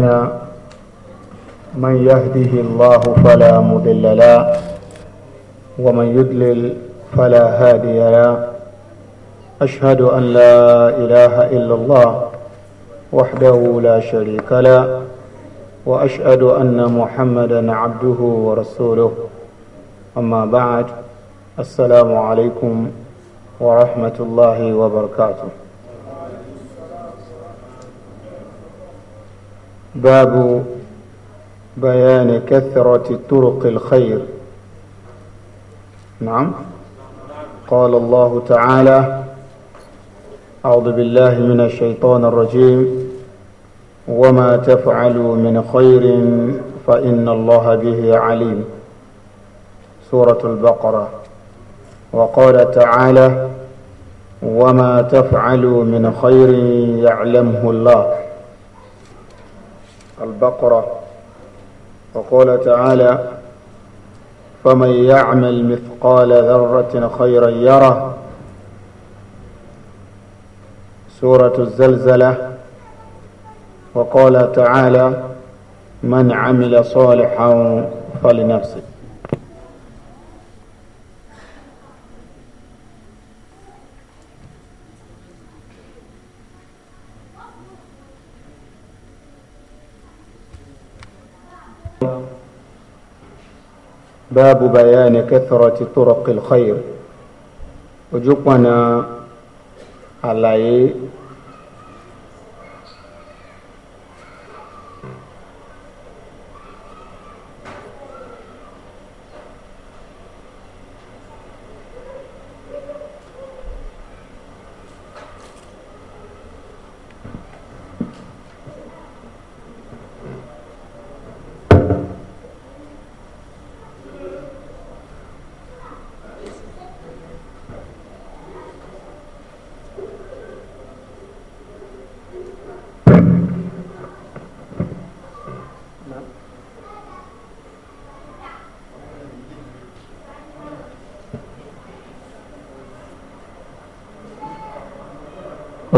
علينا من يهده الله فلا مضل له ومن يدلل فلا هادي له أشهد أن لا إله إلا الله وحده لا شريك له وأشهد أن محمدا عبده ورسوله أما بعد السلام عليكم ورحمة الله وبركاته باب بيان كثرة طرق الخير نعم قال الله تعالى أعوذ بالله من الشيطان الرجيم وما تفعلوا من خير فإن الله به عليم سورة البقرة وقال تعالى وما تفعلوا من خير يعلمه الله البقرة وقال تعالى فمن يعمل مثقال ذرة خيرا يرى سورة الزلزلة وقال تعالى من عمل صالحا فلنفسه باب بيان كثرة طرق الخير وجبنا على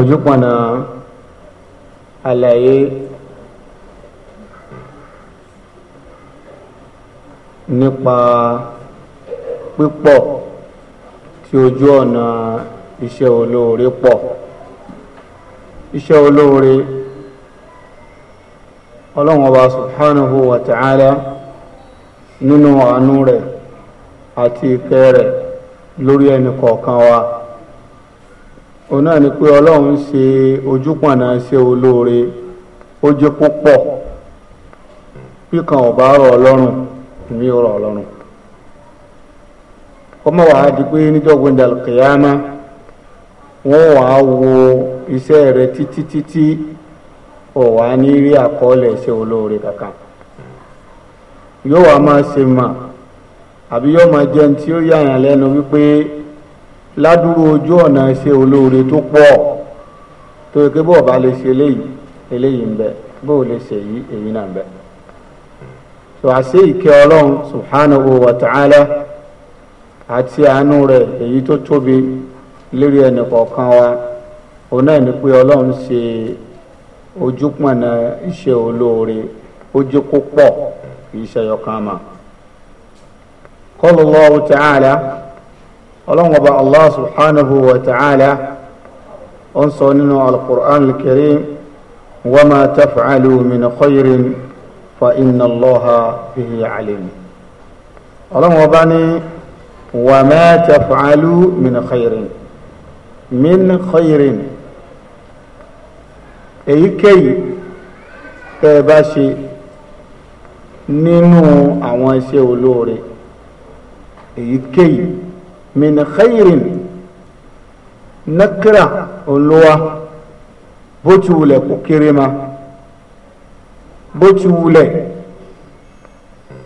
ojúpọ̀nà àlàyé nípa pípọ̀ tí ojú ọ̀nà iṣẹ́ olóore pọ̀ iṣẹ́ olóore ọlọ́run ọba subhanahu wa ta'ala nínú àánú rẹ̀ àti ìkẹ́ rẹ̀ lórí ẹnì kọ̀ọ̀kan wa. òun náà ni pé ọlọ́run ṣe ojúpọ̀nà ṣe olóore ó jẹ́ púpọ̀ bíkan ọ̀bá rọ ọlọ́run èmi rọ̀ ọlọ́run ọmọ wàá di pé níjọ́gbọ́n dàlùkìyàmá wọ́n wàá wo iṣẹ́ rẹ títí títí ò wá ní rí àkọọ́lẹ̀ ṣe olóore kankan yóò wá máa ṣe mà àbí yóò máa jẹun tí ó yàyàn lẹ́nu wípé ládùúrú ojú ọ̀nà ise olóore tó pọ̀ tó yẹ kí bọ́ọ̀ bá lè ṣe eléyìí eléyìí ń bẹ bóò lè ṣe a èyí náà ń bẹ. tó subhanahu wa ta'ala àti àánú re èyí tó tóbi lérí ẹnì kọ̀ọ̀kan wa òun náà ni pé ọlọ́run ṣe ojúpọ̀nà iṣẹ́ olóore ojú kó pọ̀ kì í ta'ala. ọlọ́run ọba allah subhanahu wa ta'ala ó ń sọ nínú alukur'an al-karim wa ma taf'alu min khayrin fa inna allaha bihi alim ọlọ́run ọba ní wa ma taf'alu min khayrin min khayrin èyíkéyìí tẹ́ ẹ bá ṣe nínú àwọn iṣẹ́ olóore èyíkéyìí min khairin nakira olúwa bó ti wulẹ̀ kó kéré ma bó ti wulẹ̀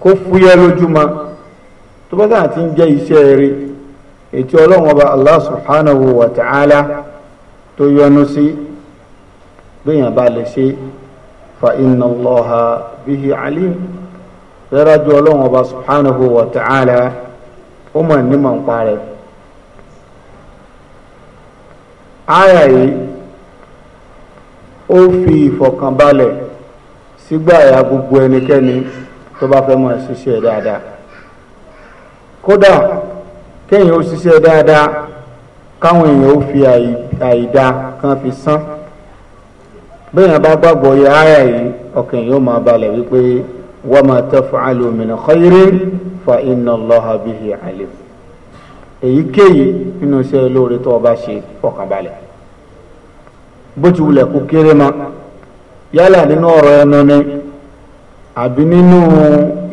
kó fúyẹ́ lójúmọ́ tó bá dáhà ti ń jẹ́ iṣẹ́ rí ètò ọlọ́run ọba allah subhanahu wa ta'ala tó yọ́nú sí gbìyàn bá lè ṣe fa inna allaha bihi alim fẹ́ràn ju ọlọ́run ọba subhanahu wa ta'ala ó mọ̀ nímọ̀ ń parẹ́ àyà yìí ó fi ìfọ̀kànbalẹ̀ sígbàyà gbogbo ẹnikẹ́ni tó bá fẹ́ mọ̀ ṣiṣẹ́ dáadáa kódà kéèyàn ó ṣiṣẹ́ dáadáa káwọn èèyàn ó fi àìdá kan fi sán bẹ́ẹ̀ yẹn bá gbàgbọ́ yẹ àyà yìí ọkàn yóò máa balẹ̀ wípé wama taf'alu min khairin fa inna Allaha bihi alim èyíkéyìí nínú iṣẹ́ olóore tó o bá ṣe fọkànbalẹ̀ bó ti wulẹ̀ kó kéré ma yálà nínú ọ̀rọ̀ ẹnu ni àbí nínú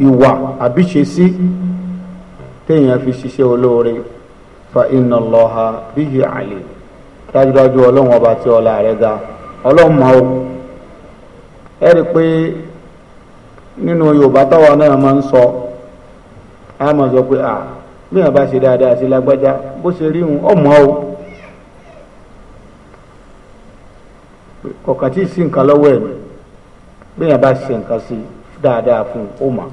ìwà àbí ṣe sí téèyàn fi ṣiṣẹ́ olóore fa inna Allaha bihi alim dájúdájú ọlọ́run ọba tí ọlá rẹ̀ ga ọlọ́run máa ó ẹ̀rí pé nínú yorùbá táwa náà máa ń sọ a máa sọ pé à bí wọn bá ṣe dáadáa sí lágbájá bó ṣe rí òun ọmọ o kọ̀ọ̀kan tí ì sí nǹkan lọ́wọ́ ẹ̀ bí wọn bá ṣe nǹkan sí dáadáa fún ọmọ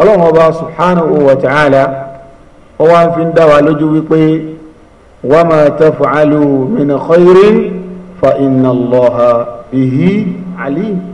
ọlọ́run ọba subhanahu wa ta'ala ó wá ń fi dá wa lójú wípé wa ma taf'alu min khairin fa inna allaha bihi alim.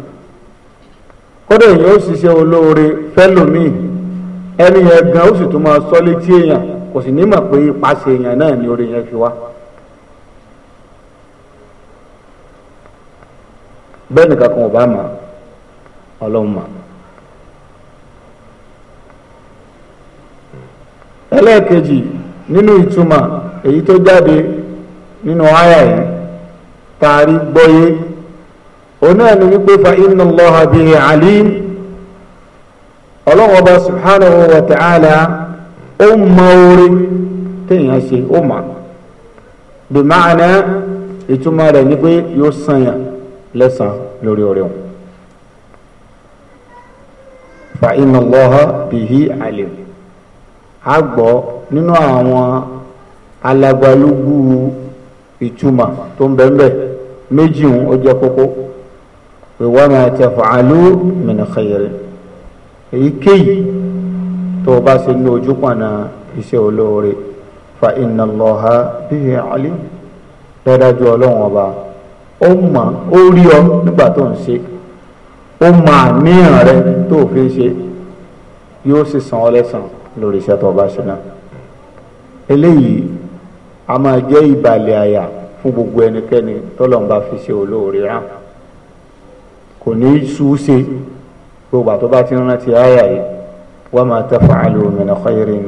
kódà èèyàn ó ṣiṣẹ́ olóore fẹ́lòmíì ẹni yẹn gan ó sì tún máa sọ létí èèyàn kò sì ní mọ̀ pé ipasẹ̀ èèyàn náà ni oore yẹn fi wá. bẹ́ẹ̀ nìkan kan ò bá mà ọlọ́run mà. ẹlẹ́ẹ̀kejì nínú ìtumọ̀ èyí tó jáde nínú àyà yìí tá a rí gbọ́yé. òun náà ni wípé fa inna Allaha bihi alim ọlọ́run ọba subhanahu wa ta'ala ó mọ orí téèyàn ṣe ó mà bí ma'ana ìtumọ̀ rẹ̀ ni pé yóò sànyà lẹ́sàn lórí orí wọn fa inna Allaha bihi alim a gbọ́ nínú àwọn alagbalógún ìtumọ̀ tó ń bẹ́ẹ̀ méjì ń ó kókó. pé wọ́n máa taf'alu min khairin èyíkéyìí tó o bá ṣe ní ojú pọ̀nà iṣẹ́ olóore fa inna Allaha bihi alim dájú ọlọ́run ọba ó mọ̀ ó rí ọ nígbà tó ń ṣe ó mọ àníyàn rẹ tó o fi ń ṣe yóò sì san ọ lẹ́san lórí iṣẹ́ tó o bá ṣe náà eléyìí a máa jẹ́ ìbàlẹ̀ àyà fún gbogbo ẹnikẹ́ni tọ́lọ́run fi ṣe olóore rán kò ní í súúṣe gbogbo àtọ́ bá ti rántí àyà yìí wa ma taf'alu min khairin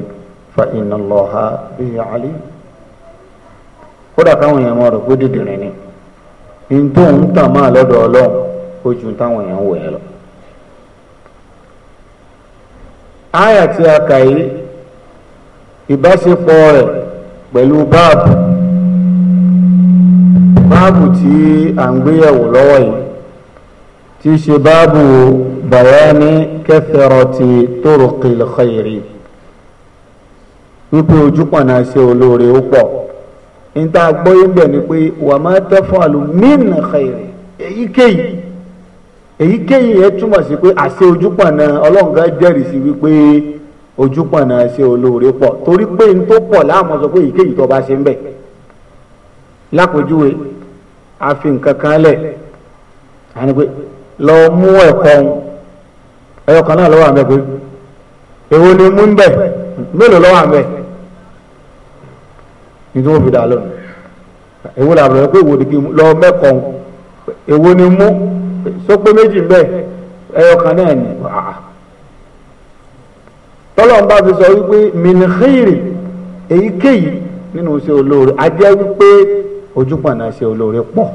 fa inna Allaha bihi alim kódà káwọn èèyàn máa rò pé dídìrín ni ní tó ń tàn máa lọ́dọ̀ ọlọ́run ó ju táwọn èèyàn wọ̀ ẹ́ lọ. àyà tí a kà yìí ìbáṣepọ̀ rẹ̀ pẹ̀lú báàbù báàbù tí à ń gbéyẹ̀wò lọ́wọ́ yìí tí í ṣe báàbù bayani kathrati turuqil khairi wípé ojúpọ̀nà ṣe olóore ó pọ̀ níta gbọ́yé bẹ̀ ni pé wà má taf'alu min khairi èyíkéyìí èyíkéyìí yẹn túmọ̀ sí pé àṣẹ ojúpọ̀nà ọlọ́ǹgá jẹ́rìí sí wípé ojúpọ̀nà ṣe olóore pọ̀ torí pé n tó pọ̀ láàmú sọ pé èyíkéyìí tó bá ṣe ń bẹ̀ lápèjúwe a nǹkan kan lẹ̀ àni pé lọ mú ẹ̀kọ́ ọ̀hún ẹyọ kan náà lọ́wọ́ àmẹ́ pé èwo ni mú ń bẹ̀ mélòó lọ́wọ́ àmẹ́ ní tí wọ́n fi dà lọ́nà èwo làbọ̀ rẹ̀ pé èwo ni kí lọ mẹ́kọ̀ ọ̀hún èwo ni mú sọ pé méjì ń bẹ̀ ẹyọ kan náà ni tọ́lọ́n bá fi sọ wípé mìnìkìrì èyíkéyìí nínú iṣẹ́ olóore a jẹ́ wípé ojúpọ̀nà iṣẹ́ olóore pọ̀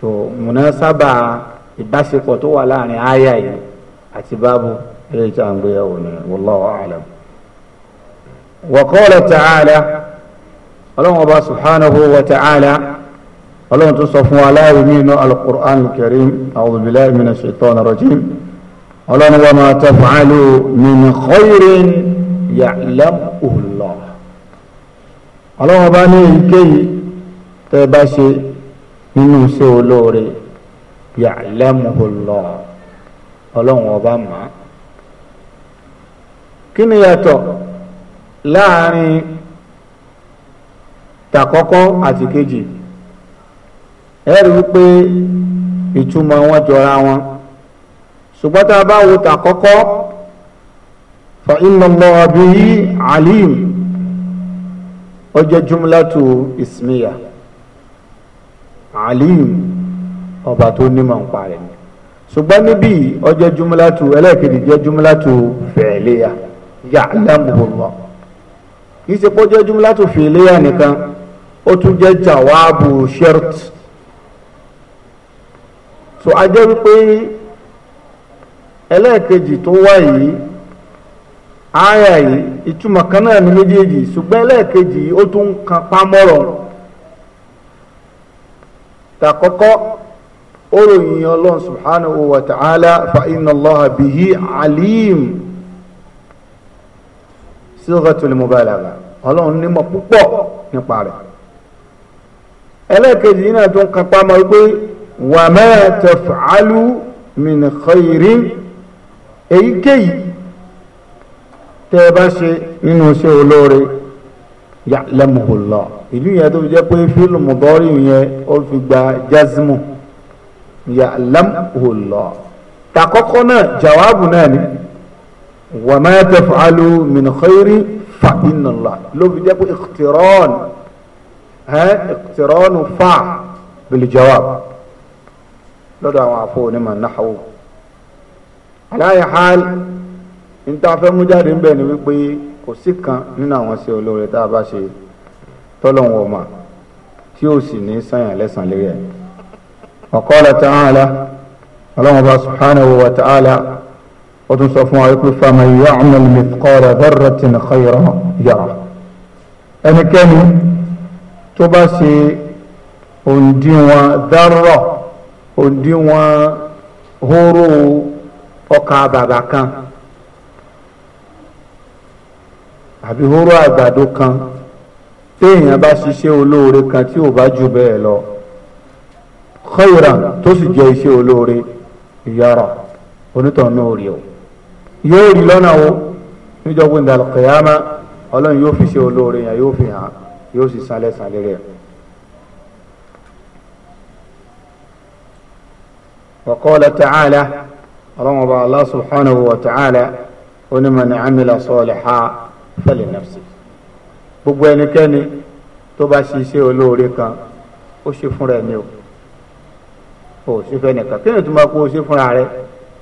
tó munasaba ìbáṣepọ̀ tó wà láàrin àyà yìí àti báàbù eléyìí tí a ń gbé yẹ̀wò ni wallahu a'lam. wa qala ta'ala ọlọ́run ọba subhanahu wa ta'ala ọlọ́run tó sọ fún wa láàyè nínú al-Qur'an al-Karim a'udhu billahi minash ọlọ́run wa ma taf'alu min khairin ya'lamuhu Allah ọlọ́run ọba ní èyíkéyìí tẹ́ bá ṣe nínú iṣẹ́ olóore ya'lamuhu Allah ọlọ́run ọba mọ̀ kí ni yàtọ̀ láàrin tàkọ́kọ́ àti kejì ẹ rí wípé ìtumọ̀ wọn jọra wọn ṣùgbọ́n tá a bá wo tàkọ́kọ́ fa inna Allah bihi alim ó jumlatu ismiya alim ọba tó nímọ̀ ń parẹ́ ni ṣùgbọ́n níbí ọjọ́ jumlatu ẹlẹ́ẹ̀kejì jẹ́ jumlatu fẹ̀ẹ́lẹ́yà ya'lamuhu Allah kì í ṣe pé ó jẹ́ jumlatu fẹ̀ẹ́lẹ́yà nìkan ó tún jẹ́ jawabu shart so a jẹ́ wípé ẹlẹ́ẹ̀kejì tó wá yìí àyà ìtumọ̀ kan náà ní méjèèjì ṣùgbọ́n ẹlẹ́ẹ̀kejì ó tún kan pámọ́rọ̀ tàkọ́kọ́ ó ròyìn ọlọ́run subhanahu wa ta'ala fa inna allaha bihi alim sílọ́gàtúlì mubalagha ọlọ́run nímọ̀ púpọ̀ nípa rẹ̀ ẹlẹ́ẹ̀kejì náà tó ń kápá mọ́ pé wa ma taf'alu min khairin èyíkéyìí tẹ́ ẹ bá ṣe nínú iṣẹ́ ya'lamuhullah ìlú yẹn tó fi jẹ́ pé fílù mudari yẹn ó fi gba jazmu ya'lamuhullah takọ́kọ́ náà jawaabu náà ni wa ma taf'alu min khayri fa inna Allah ló fi jẹ́ pé iqtiran hẹ́n iqtiran fa bil jawab lọ́dọ̀ àwọn afọ onímọ̀ náhàwó aláyé hàl ní tá ń bẹ̀ ni wípé kò sí kan nínú àwọn ṣe olóore tá a bá ṣe tọ́lọ́hún ọmọ tí ó sì ní sànyàn lẹ́sàn lérí ẹ̀. wa qala ta'ala ọlọ́run ọba subhanahu wa ta'ala ó tún sọ fún wa wípé faman ya'mal mithqala dharratin khayran yara ẹnikẹ́ni tó bá ṣe òǹdíwọ̀n dárọ̀ òǹdíwọ̀n hóró ọkà bàbà kan. àbí hóró àgbàdo kan téèyàn bá ṣiṣẹ́ olóore kan tí ò bá jù bẹ́ẹ̀ lọ khayran tó sì jẹ́ iṣẹ́ olóore ìyára onítàn náà rí o yóò rí lọ́nà o níjọ́ gbẹ̀ndà kẹyàmá ọlọ́run yóò fi ṣe olóore yẹn yóò fi hàn yóò sì sálẹ̀ sálẹ̀ rẹ̀. wa qala ta'ala ọlọ́run ọba Allah subhanahu wa ta'ala fali nafsi gbogbo ẹnikẹ́ni tó bá ṣe iṣẹ́ olóore kan ó ṣe fúnra ẹni o ò ṣe fẹ́ nìkan kí ni tó máa kó o ṣe fúnra rẹ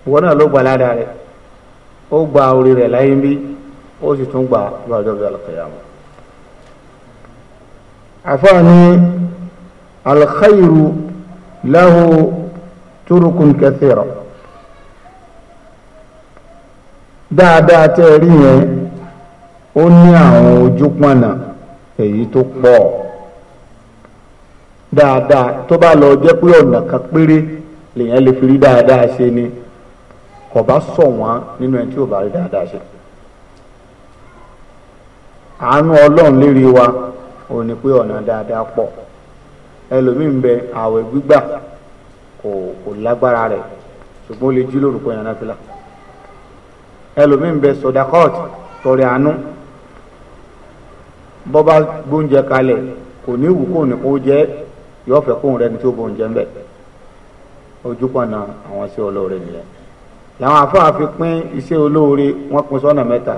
ìwọ náà ló gba ládàá rẹ ó gba orí rẹ láyé ń bí ó sì tún gba lọ́jọ́ bí alùpàyàmù. àfààní alkhairu lahu turukun kathira dáadáa tẹ́ ẹ rí yẹn. ó ní àwọn ojúpọ̀nà èyí tó pọ̀ dáadáa tó bá lọ jẹ́ pé ọ̀nà kan péré lèèyàn lè fi rí dáadáa ni kò bá sọ̀ wọ́n nínú ẹni tí ò bá rí dáadáa ṣe àánú ọlọ́run lérí wa ò ní pé ọ̀nà dáadáa pọ̀ ẹlòmíì bẹ àwẹ̀ gbígbà kò kò lágbára rẹ̀ ṣùgbọ́n ó lè jí lórúkọ yàrá fìlà bọ́bá gbóúnjẹ kalẹ̀ kò ní wù kó ní kó jẹ́ yọ fẹ́ kóhùn rẹ ní tí ó bóúnjẹ ń bẹ̀ ojúkọ̀nà àwọn sí olóore nìyẹn làwọn afáà fi pín iṣẹ́ olóore wọ́n pín sọ́nà mẹ́ta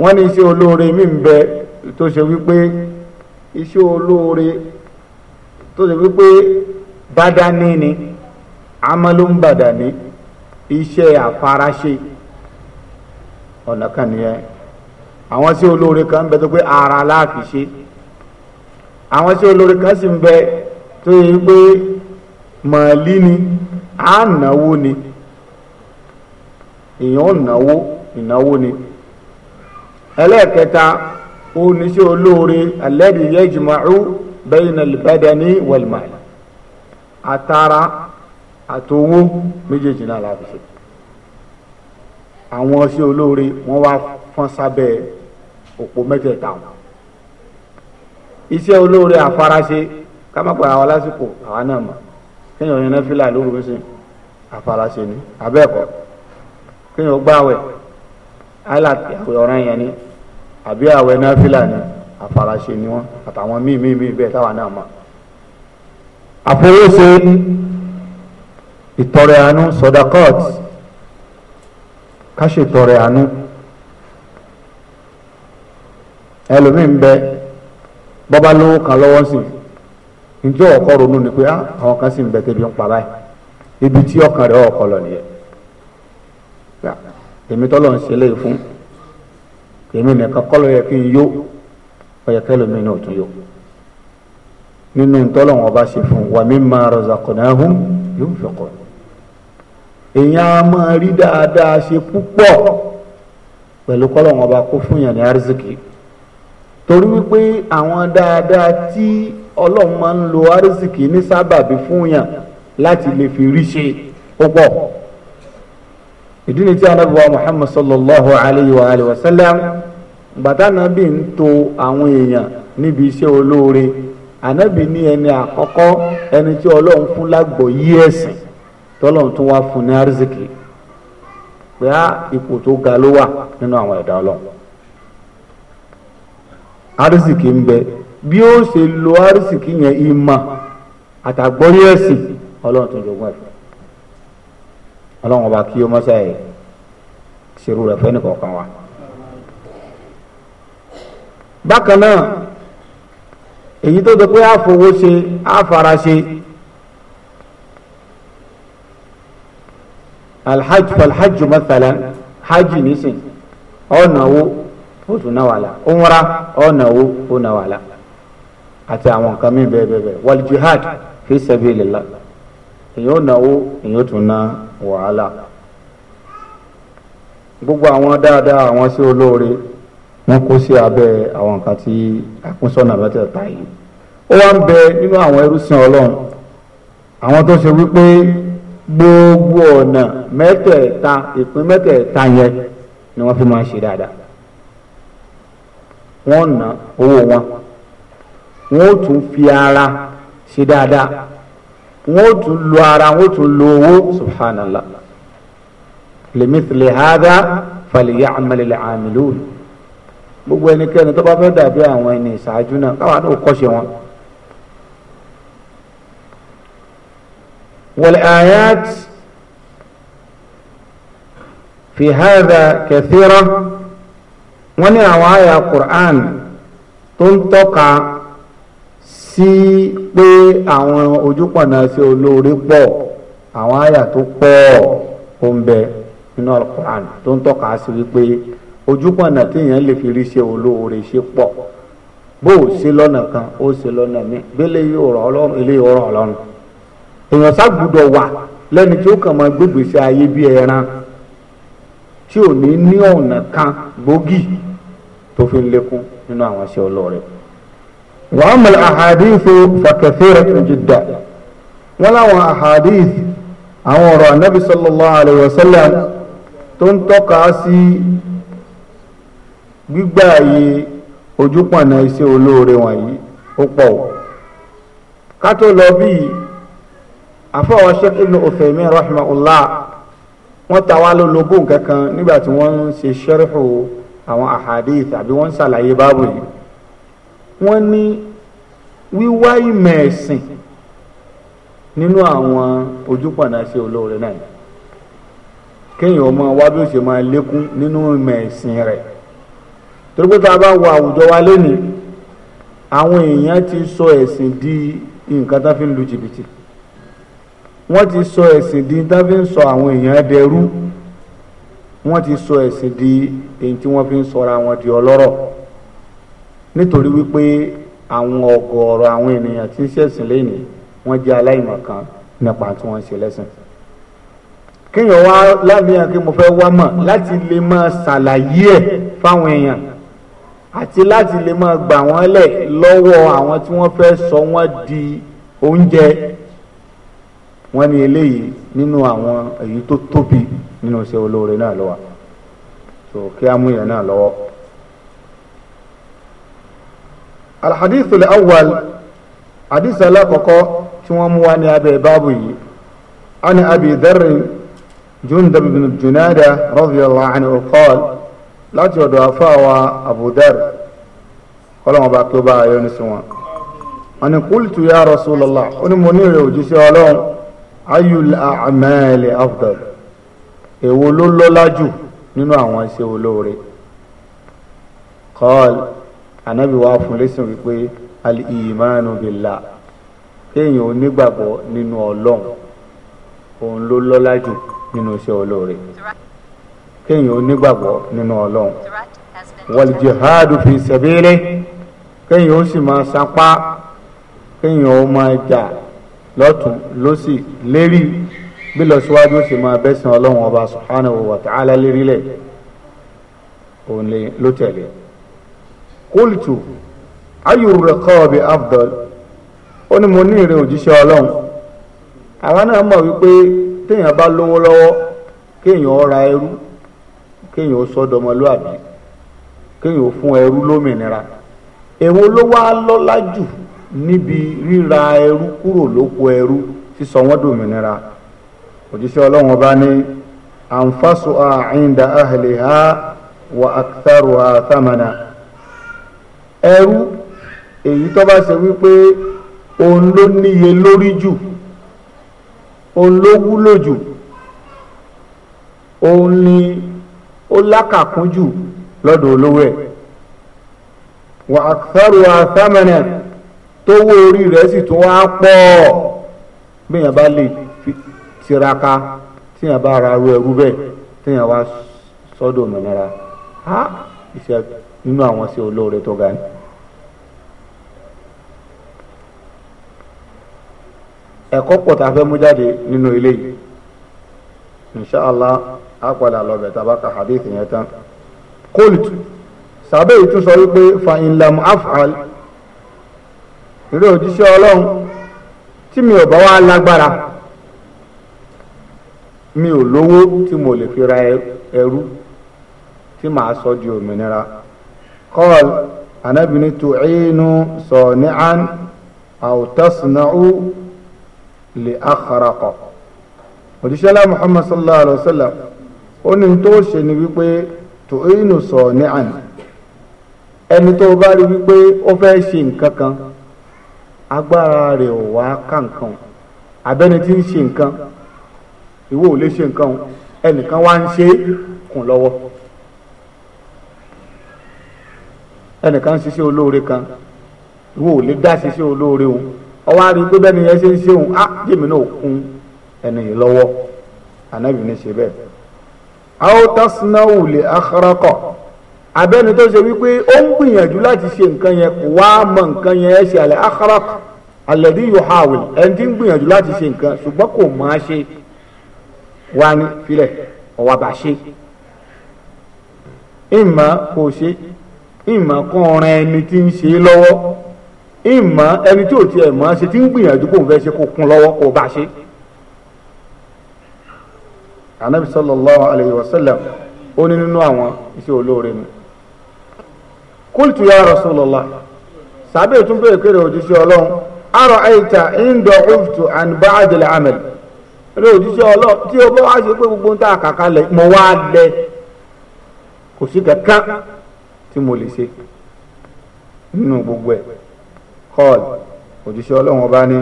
wọ́n ní iṣẹ́ olóore mí ń bẹ tó ṣe wípé iṣẹ́ olóore tó ṣe wípé bádání ni amalumbadani ni iṣẹ́ àfaraṣe ọ̀nà kan nìyẹn àwọn sí olóore kan ń bẹ tó pé ara láàfi ṣe àwọn sí olóore kan sì ń bẹ tó yẹ pé mọ̀ọ́lí ni à ń náwó ni èèyàn ò náwó ìnáwó ni ẹlẹ́ẹ̀kẹta oníṣẹ́ olóore alẹ́dì yẹ́jùmọ̀ọ́ bẹ́yìnà lìbẹ́dẹ́ni wẹ̀lmà àtàrà àtòwó méjèèjì náà láti ṣe àwọn ọṣẹ́ olóore wọ́n wá fọ́n sábẹ́ òpó mẹ́tẹ̀ẹ̀ta wọn iṣẹ́ olóore àfaraṣe kámápẹ́ àwa lásìkò àwa náà mọ̀ kéèyàn yẹn náà fílà lóru mẹ́sìn àfaraṣe ni abẹ́ẹ̀kọ́ kéèyàn gbáwẹ̀ àìlàtì àwẹ̀ ọ̀ràn yẹn ni àbí àwẹ̀ náà fílà ni àfaraṣe ni wọn àtàwọn míì míì míì bẹ́ẹ̀ táwa náà mọ̀ àfọwọ́ṣe ìtọrẹ àánú sọdakọ́ọ̀tì ká ṣètọrẹ àánú. ẹlòmíì ń bẹ bọ́bá lówó kan lọ́wọ́ sí njẹ́ ọ̀kọ́ ronú ni pé ah, àwọn kan sì ń bẹ tẹ́bi ibi tí ọkàn rẹ̀ ọ̀kọ́ lọ nìyẹn èmi tọ́lọ̀ ń ṣe léyìí fún èmi nìkan kọ́ ló yẹ kí n yó ọyẹ kẹlòmíì náà tún yó nínú wọn bá ṣe fún wa èèyàn á máa rí dáadáa ṣe púpọ̀ pẹ̀lú kọ́lọ̀ wọn bá kó fún ní arzikì. torí wípé àwọn dáadáa tí ọlọ́run máa ń lo arísìkì ní sábàbí fún yàn láti lè fi rí ṣe ó pọ̀ ìdí ni tí wa sallallahu alayhi wa alayhi wa sallam gbàtà nàbì ń tò àwọn èèyàn níbi iṣẹ́ olóore ànábì ní ẹni àkọ́kọ́ ẹni tí ọlọ́run fún lágbọ̀ yí ẹ̀sìn tọ́lọ́run tún wá fún ní arísìkì ga ló wà nínú àwọn ẹ̀dá ọlọ́run arísìkì ń bẹ bí ó ṣe lo arísìkì yẹn ìmọ̀ àtàgbọ́rí ẹ̀sìn ọlọ́run tó jogún ẹ̀ ọlọ́run ọba kí o mọ́sá ẹ̀ ṣerú rẹ̀ fẹ́ni kọ̀ọ̀kan wa. bákan náà èyí tó ti pé àfowó ṣe àfara ṣe alhajj falhajj hajj nísìn ọ̀nà owó ó tún náà wà la umra ọ̀nà owó ó náà wà la àti àwọn nǹkan mi bẹ́ẹ̀ bẹ́ẹ̀ bẹ́ẹ̀ wal jihad fi sabilillah èyàn ó náwó èyàn ó tún ná wàhálà gbogbo àwọn dáadáa àwọn sí olóore wọn kó sí abẹ́ àwọn nǹkan tí àkúnsọ́nà mẹ́tẹ̀ẹ̀ta yìí ó wá ń bẹ nínú àwọn ẹrúsìn ọlọ́run àwọn tó ṣe wípé gbogbo ọ̀nà mẹ́tẹ̀ẹ̀ta ìpín mẹ́tẹ̀ẹ̀ta yẹn ni wọ́n fi máa ń ṣe dáadáa wọ́n ná owó wọn wọ́n ó tún fi ara ṣe dáadáa wọ́n ó tún lo ara wọ́n ó tún lo owó subhanallah limithli hadha falyamalil amilun gbogbo ẹnikẹ́ni tó bá fẹ́ dàbí àwọn ẹni ìṣáájú náà káwa náà kọ́ṣe wọn. والآيات في هذا كثيرة wọ́n ní àwọn àyà Qur'an tó ń tọ́ka sí pé àwọn ojúpọ̀nà sí olóore pọ̀ àwọn àyà tó pọ̀ ó ń bẹ nínú Qur'an tó ń tọ́ka sí wípé ojúpọ̀nà téèyàn lè fi rí ṣe olóore ṣe pọ̀ bó o ṣe lọ́nà kan ó ṣe lọ́nà mi gbélé yóò rọ̀ ọlọ́run ilé yóò rọ̀ ọlọ́run èèyàn sá wà lẹ́ni tí ó kàn máa gbégbèsè ayé bí ẹran tí ò ní ní ọ̀nà kan gbòógì tó fi ń lékún nínú àwọn iṣẹ́ ọlọ́ọ̀rẹ́. wa amma al-ahadith fa kathiratun jiddan wọ́n láwọn ahadith àwọn ọ̀rọ̀ anabi sallallahu alayhi wa sallam tó ń tọ́ka sí gbígbà ayé ojúpọ̀nà iṣẹ́ olóore wọ̀nyí ó pọ̀ o ká tó lọ bí àfọwọ́sẹ́kìnnì Uthaymin rahimahullah wọ́n ta wá lólobó nǹkan kan nígbà tí wọ́n ń ṣe ṣẹ́rìfù àwọn ahadith àbí wọ́n ń ṣàlàyé báàbò yìí wọ́n ní wíwá ìmọ̀ ẹ̀sìn nínú àwọn ojúpọ̀nà ṣe olóore náà kéèyàn ọmọ wa bí ó ṣe máa lékún nínú ìmọ̀ ẹ̀sìn rẹ̀ torí pé tá a bá wo àwùjọ wa lónìí àwọn èèyàn ti sọ ẹ̀sìn di nǹkan tó fi ń lu jìbìtì wọ́n ti sọ ẹ̀sìn di tá fi ń sọ àwọn èèyàn dẹrú wọ́n ti sọ ẹ̀sìn di èyí tí wọ́n fi ń sọra wọn di ọlọ́rọ̀ nítorí wípé àwọn ọ̀gọ̀ọ̀rọ̀ àwọn ènìyàn tí ń ṣẹ̀sìn lẹ́yìn wọ́n jẹ́ aláìmọ̀kan nípa tí wọ́n ń ṣe lẹ́sìn kéèyàn wá lábẹ́yàn kí mo fẹ́ wá mọ̀ láti lè máa ṣàlàyé ẹ̀ fáwọn èèyàn àti láti lè máa gbà wọ́n lẹ̀ lọ́wọ́ àwọn tí wọ́n fẹ́ sọ wọ́n di oúnjẹ wọ́n ní eléyìí nínú àwọn èyí tó tóbi nínú iṣẹ́ olóore náà ló so kí á mú yẹn náà lọ́wọ́. alhadithu le awwal hadith alakoko tí wọ́n mú wá ní abẹ́ báàbù yìí ani abi dharrin jundab bin junada radiyallahu anhu qal láti ọ̀dọ̀ afáwa abu dharr kọ́lọ́mọba kí ó bá a yọ ní sunwọ̀n. wọ́n ní kultu ya rasulallah ó ní mo ní ìrẹ̀ òjíṣẹ́ ọlọ́run ayul amali afdal èwo ló lọ́lá jù nínú àwọn iṣẹ́ olóore qal anabi wa fún lẹ́sìn wípé al-imanu billah kéèyàn onígbàgbọ́ nínú ọlọ́run òun ló lọ́lá jù nínú iṣẹ́ olóore kéèyàn onígbàgbọ́ nínú ọlọ́run wal jihadu fi sabilihi kéèyàn ó sì máa sapá kéèyàn ó máa jà lọ́tún lọ́sì lérí bí lọ́síwájú sì máa bẹ́sìn ọlọ́run ọba subhanahu wa ta'ala lérílẹ̀ òun ló tẹ̀lé kóòtù ayò rẹ̀ kọ́ ọ̀bẹ afdal ó ní mo ní ìrìn òjíṣẹ́ ọlọ́run àwa náà mọ̀ wípé téèyàn bá lówó lọ́wọ́ kéèyàn ra ẹrú kéèyàn ó sọ́dọ̀mọlúàbí kéèyàn ó fún ẹrú lómìnira èwo ló wá lọ́lá jù níbi ríra ẹrú kúrò lóko ẹrú sísọ wọn dòmìnira òjíṣẹ́ ọlọ́run ọba ní ànfàṣọ àìndà ha wà àkàtàrò àtàmànà ẹrú èyí tó bá ṣe wípé òun ló níye lórí jù òun ló wúlò jù òun ni ó lákàkún jù lọ́dọ̀ olówó ẹ̀ wà àkàtàrò àtàmànà. tówó orí rẹ̀ sì tún wá pọ̀ bíyàn bá lè tiraka tíyàn bá ra ru ẹrú bẹ́ẹ̀ tíyàn wá sọ́dọ̀ òmìnira á iṣẹ́ nínú àwọn sí olóore tó ga ni. ẹ̀kọ́ pọ̀ tá a fẹ́ mú jáde nínú ilé yìí inṣàlá á padà lọ hadith yẹn tán kóòlù sábẹ́ ìtúsọ wípé fa in af'al ìró òjíṣẹ́ ọlọ́run tí mi ò bá wá lágbára mi ò lówó tí mo lè fi ra ẹrú tí màá sọ di òmìnira kọ́ọ̀l anábìíní tu'inu sọ̀ni'an aw tasna'u li akhraqa òjíṣẹ́ lá muhammad sallallahu alayhi wa sallam ó ní tó ṣe ni wípé tu'inu sọ̀ni'an ẹni tó bá rí wípé ó fẹ́ ṣe nǹkan kan agbára rẹ̀ ò wá ká nǹkan abẹ́ni tí ń ṣe nǹkan ìwọ ò lè ṣe nǹkan ẹnìkan wá ń ṣe kùn lọ́wọ́ ẹnìkan ń ṣiṣẹ́ olóore kan ìwọ ò lè dá ṣiṣẹ́ olóore òun ọwọ́ àrí pé bẹ́ẹ̀ ni ṣe ń ṣe òun á jèmi náà kún ẹni lọ́wọ́ ànábì ṣe bẹ́ẹ̀. àwọn tasnáwò lè akọ́rọ́kọ̀ abẹ́ni tó ṣe wípé ó ń gbìyànjú láti ṣe nǹkan yẹn kò wá mọ nǹkan yẹn ẹ ṣe àlẹ́ akharaq alladhi yuhawil ẹni tí ń gbìyànjú láti ṣe nǹkan ṣùgbọ́n kò máa ṣe wá ní filẹ̀ ọ̀wà bá ṣe ìmọ̀ kò ṣe ìmọ̀ kan ọ̀ràn ẹni tí ń ṣe lọ́wọ́ ìmọ̀ ẹni tí ò tiẹ̀ mọ̀ ṣe tí ń gbìyànjú kò ń fẹ́ ṣe kó kún lọ́wọ́ kò bá ṣe. anabi sallallahu alayhi wa sallam ó ní nínú àwọn iṣẹ́ olóore mi kúltù ya Rasulullah sàbẹ̀ tún bẹ̀rẹ̀ kéré òjíṣẹ́ ọlọ́run arọ àìta ìndọ̀ ọ̀fùtù and báàdìlẹ̀ amẹ̀l eré òjíṣẹ́ ọlọ́run tí o bá wá ṣe pé gbogbo ń tà kàkálẹ̀ mọ̀ wá lẹ̀ kò sí kankan tí mo lè ṣe nínú gbogbo ẹ̀ kọ́ọ̀l òjíṣẹ́ ọlọ́run ọba ní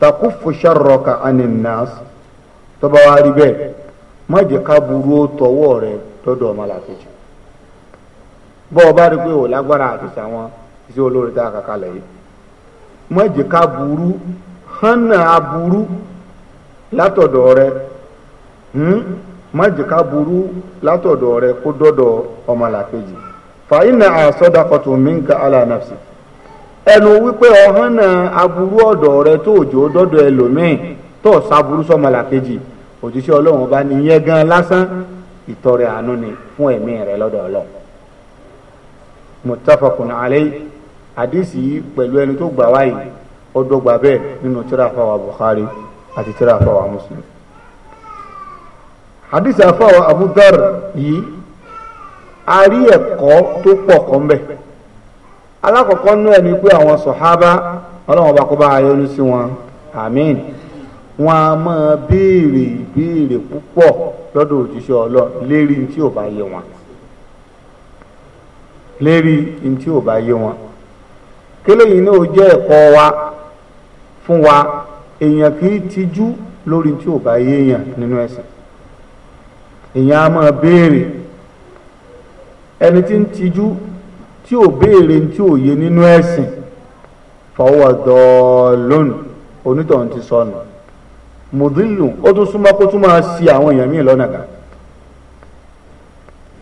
takufu sharroka aninas tó bá wá rí bẹ́ẹ̀ má jẹ́ ká burú tọwọ́ rẹ̀ lọ́dọ̀ ọmọlàkejì bọ́ ọ bá rí pé ò lágbára àti sàwọn olórí tá a kàkà lẹ̀ yìí burú hánà aburú látọ̀dọ̀ rẹ mọ́jìká hmm? burú látọ̀dọ̀ rẹ kó dọ́dọ̀ ọmọlàkejì fàyínà àsọdàkọ̀tò mínka alànàfsì ẹnu wípé ọ̀hánà aburú ọ̀dọ̀ rẹ tó dọ́dọ̀ tó òjíṣẹ́ ọlọ́run gan lásán àánú muttafaqun alayhi àdìsí yìí pẹ̀lú ẹni tó gbà wáyé ó dọ́gba bẹ́ẹ̀ nínú tíra fáwọn Bukhari àti tíra fáwọn Muslim. àdìsí àfáwọn Abu Dharr yìí a rí ẹ̀kọ́ tó pọ̀ kan bẹ̀ alákọ̀ọ́kọ́ nú ẹni pé àwọn sọ̀hábà ọlọ́wọ́n bá kó bá ayọ́nu sí wọn àmín wọn a máa béèrè ìbéèrè púpọ̀ lọ́dọ̀ òjíṣẹ́ ọlọ́ lérí tí ò bá yẹ wọn lérí ntí ò bá yé wọn kéléyìn náà jẹ́ ẹ̀kọ́ wa fún wa èèyàn kì í tijú lórí tí ò bá yé èèyàn nínú ẹ̀sìn èèyàn á máa béèrè ẹni tí ń tijú tí ò béèrè tí ò yé nínú ẹ̀sìn fọwọ́ dọ́ọ̀lónù onítọ̀hún ti sọnù mùdílù ó tún súnmọ́ kó tún máa ṣì àwọn èèyàn míì lọ́nà kan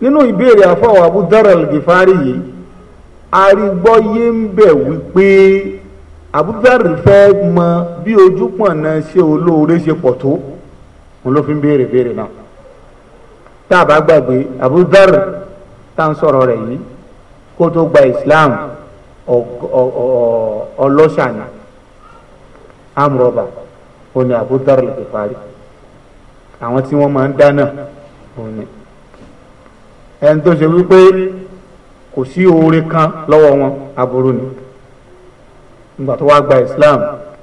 nínú ìbéèrè àfọwọ́ Abu Dhar al-Ghifari yìí arígbọ́yé ń bẹ̀ wípé Abu Dhar fẹ́ mọ bí ojú pọ̀nà ṣe olóore ṣe pọ̀ tó òun ló fi ń béèrè béèrè náà tá a bá gbàgbé Abu tá ń sọ̀rọ̀ rẹ̀ yìí kó tó gba Islam ọlọ́ṣàní amrọ̀bà òun ni Abu Dhar al-Ghifari àwọn tí wọ́n máa ń dáná òun ẹni tó ṣe wípé kò sí oore kan lọ́wọ́ wọn aburú ni nígbà tó wá gba islam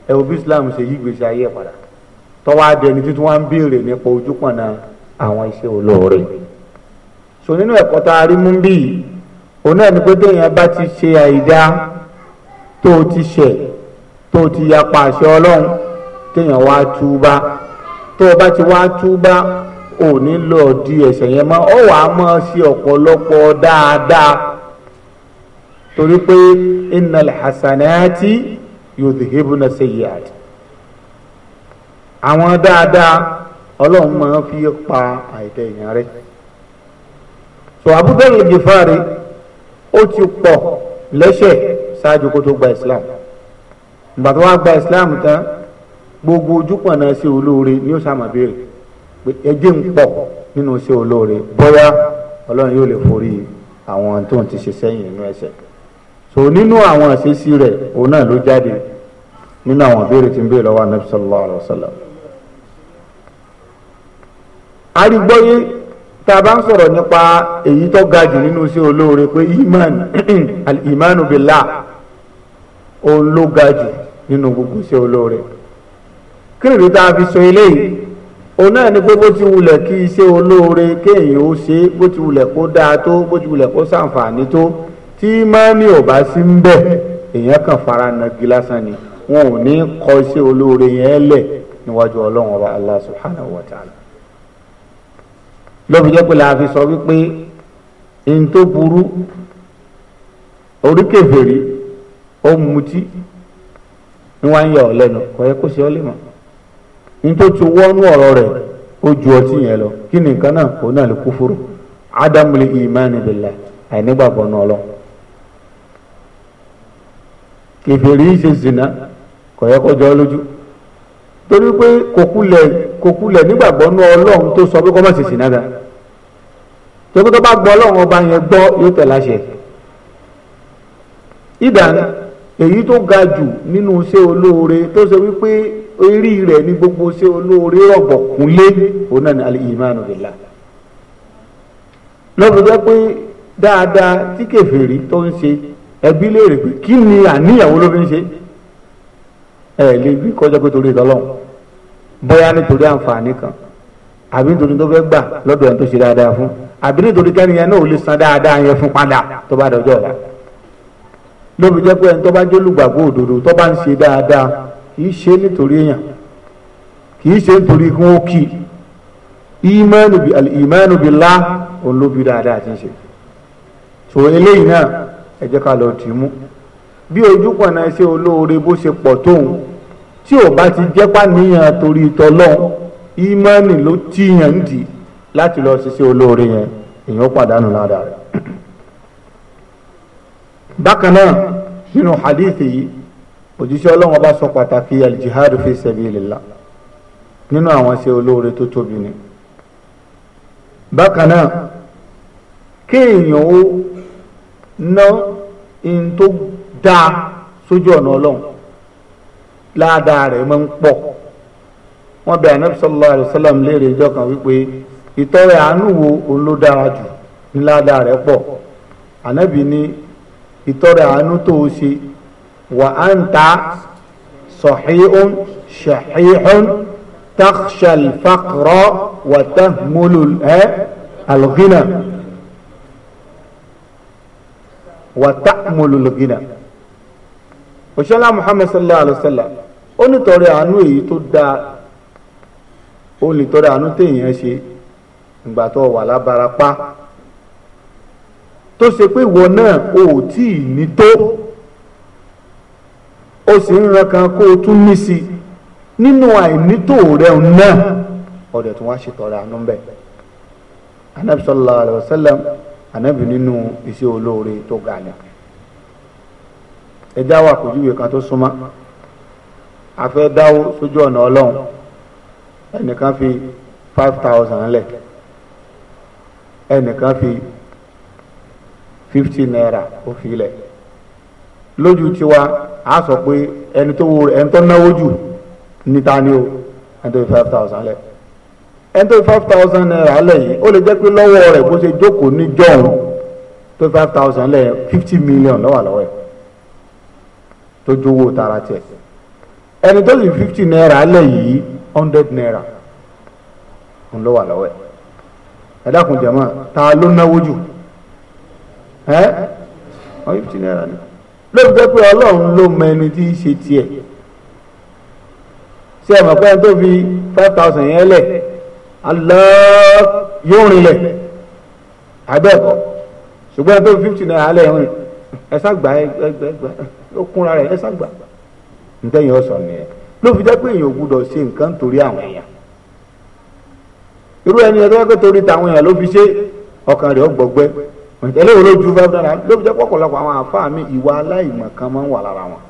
ẹ wo bí islam ṣe yí gbèsè ayé padà tọ́wọ́ adẹni tuntun wá ń béèrè nípa ojúpọ̀nà àwọn iṣẹ́ olóore so nínú ẹ̀kọ́ tá a rí mú bí òun náà ni pé téèyàn bá ti ṣe àìdá tó o ti ṣẹ̀ tó o ti yapa àṣẹ ọlọ́run téèyàn wá túbá tó o bá ti wá túbá ò ní lọ di ẹ̀ṣẹ̀ yẹn mọ́ ọ wàá mọ́ ṣe ọ̀pọ̀lọpọ̀ dáadáa torí pé innal hasanati yudhibuna sayyiat àwọn dáadáa ọlọ́run máa fi pa àìtẹ́ èèyàn rẹ̀ so Abu Dharr al-Ghifari ó ti pọ̀ lẹ́ṣẹ̀ ṣáájú kó tó gba Islam ìgbà tó gba Islam tán gbogbo ojúpọ̀nà sí olóore ni ó sàmà béèrè pé ẹjẹ́ ń pọ̀ nínú iṣẹ́ olóore bóyá ọlọ́run yóò lè forí àwọn tó ń ti ṣe sẹ́yìn nínú ẹ̀ṣẹ̀ so nínú àwọn àṣeṣí rẹ̀ òun náà ló jáde nínú àwọn ìbéèrè tí ń béèrè lọ́wọ́ anabi sallallahu alayhi wa sallam. arígbóyé tá a bá ń sọ̀rọ̀ nípa èyí tó ga jù nínú iṣẹ́ olóore pé iman al-imanu billah òun ló ga jù nínú gbogbo iṣẹ́ olóore kí nìyí tá a fi sọ eléyìí òun náà ni pé bó ti wulẹ̀ kí iṣẹ́ olóore kéèyàn ó ṣe bó ti wulẹ̀ kó dáa tó bó ti wulẹ̀ kó sàǹfààní tó tí mọ́ni ò bá sí ń bẹ̀ èèyàn kàn fara nagi lásán ni wọn ò ní kọ iṣẹ́ olóore yẹn lẹ̀ níwájú ọlọ́run ọba Allah subhanahu wa ta'ala lọ́bi jẹ́ pé la fi sọ wípé n tó burú orí kèfèrí ó mutí ni wọ́n á ń yà ọ́ lẹ́nu kò yẹ kó ṣe ọ́ lè mọ̀. ní tó tún wọ́nú ọ̀rọ̀ rẹ̀ ó ju ọtí yẹn lọ kí ni náà kó náà lè àìnígbàgbọ́ náà kó jọ lójú torí pé kòkulẹ̀ kòkulẹ̀ nígbàgbọ́ náà ọlọ́run sọ pé kó má ṣe zina gan tókè tó bá gbọ́ ọlọ́run ọba yẹn gbọ́ yóò tẹ̀ láṣẹ. èyí tó ga jù nínú iṣẹ́ wípé orí rẹ̀ ní gbogbo ṣé olóore rọ̀gbọ̀ kúnlé òun náà ní al-imanu billah lọ́dún jẹ́ pé dáadáa tí kèfèrí tó ń ṣe ẹbí léèrè pé kí ni àníyàwó ló fi ń ṣe ẹ lè bí kọjá pé torí ìtọ́lọ́hún bóyá nítorí àǹfààní kan àbí nítorí tó fẹ́ gbà lọ́dọ̀ ẹni tó ṣe dáadáa fún àbí nítorí kẹ́niyẹn náà ò lè san dáadáa yẹn fún padà tó bá dọjọ́ ọ̀la lóbi jẹ́ pé ẹni tó bá jólùgbàgbọ́ òdodo tó bá ń ṣe dáadáa kì í ṣe nítorí èèyàn kì í ṣe nítorí kí wọ́n kì í ìmánu bí lá òun ló bí dáadáa ti ń ṣe so eléyìí náà ẹ̀jẹ̀ jẹ́ ká lọ tì í mú bí ojú pọ̀nà ṣe olóore bó ṣe pọ̀ tóun tí ò bá ti jẹ́ pàníyàn torí tọlọ́hún ìmánì ló tíyàn ń dì láti lọ ṣiṣẹ́ olóore yẹn èèyàn pàdánù ládàá rẹ̀ bákan náà nínú hadith yìí òjíṣẹ́ ọlọ́run ọba sọ pàtàkì aljihad fi sabilillah nínú àwọn ṣe olóore tó tóbi ni bákan náà kéèyàn ó ná in tó dáa sójú ọ̀nà ọlọ́run ládàá rẹ̀ máa ń pọ̀ wọ́n bẹ anabi sallallahu alayhi wa sallam léèrè ìjọ kan wípé ìtọrẹ àánú wo ló dára jù ní ládàá rẹ̀ pọ̀ anabi ní ìtọrẹ àánú tó o ṣe وأنت صحيح شحيح تخشى الفقر وتهمل الغنى وتأمل الغنى òṣèlá Muhammad sallallahu alayhi wa sallam ó nítorí àánú èyí tó dáa ó nítorí àánú téèyàn ṣe ìgbà tó wà lábarapá tó ṣe pé ìwọ náà ò tí ì ní tó ó sì ń ran kan kó o tún ní sí i nínú àìnító rẹ̀ náà ọ̀dẹ̀ tí wọ́n ṣe tọrẹ àánú bẹ́ẹ̀ anabi sallallahu alayhi wa sallam anabi nínú iṣẹ́ olóore tó ga ni ẹjá wa kò júwe kan tó súnmọ́ a fẹ́ sójú ọ̀nà ọlọ́run ẹnìkan fi five thousand lẹ̀ ẹnìkan fi fifty naira ó fi lẹ̀ lójú tiwa a sọ pé ẹni tó wo ẹni tó náwó jù níta ni o ẹni tó fi five thousand lẹ ẹni tó fi five thousand naira lẹ yìí ó lè jẹ́ pé lọ́wọ́ rẹ̀ bó ṣe jókòó ní jọ̀hún tó fi five thousand lẹ fifty million lọ́wọ́ lọ́wọ́ ẹ̀ tó jówó tara tiẹ̀ ẹni tó sì fifty naira lẹ yìí hundred naira ń lọ́wọ́ lọ́wọ́ ẹ̀ ẹ dákun jẹ̀mọ́ ta ló náwó jù ẹ́ one fifty naira ni ló fi jẹ́ pé ọlọ́run ló mọ ẹni tí í ṣe tiẹ̀ ṣé ẹ mọ̀ pé ẹni tó fi five thousand yẹn lẹ̀ alọ́ yóò rinlẹ̀ àbẹ́ẹ̀kọ́ ṣùgbọ́n ẹni tó fi fifty naira lẹ̀ rìn ẹ ṣàgbà ẹgbẹ́gbẹ́ ó kúnra rẹ̀ ẹ ṣàgbà ntẹ́yìn ọ̀sán nìyẹn ló fi jẹ́ pé èèyàn ò gbúdọ̀ ṣe nǹkan torí àwọn èèyàn irú ẹni ẹgbẹ́ pé torí tàwọn èèyàn ló fi ṣe ọkàn rẹ̀ ó ìtẹ́lẹ̀ wo ló ju five naira ló fi jẹ́ pọ̀pọ̀lọpọ̀ àwọn àfáà mi ìwà aláìmọ̀ kan máa ń wà lára wọn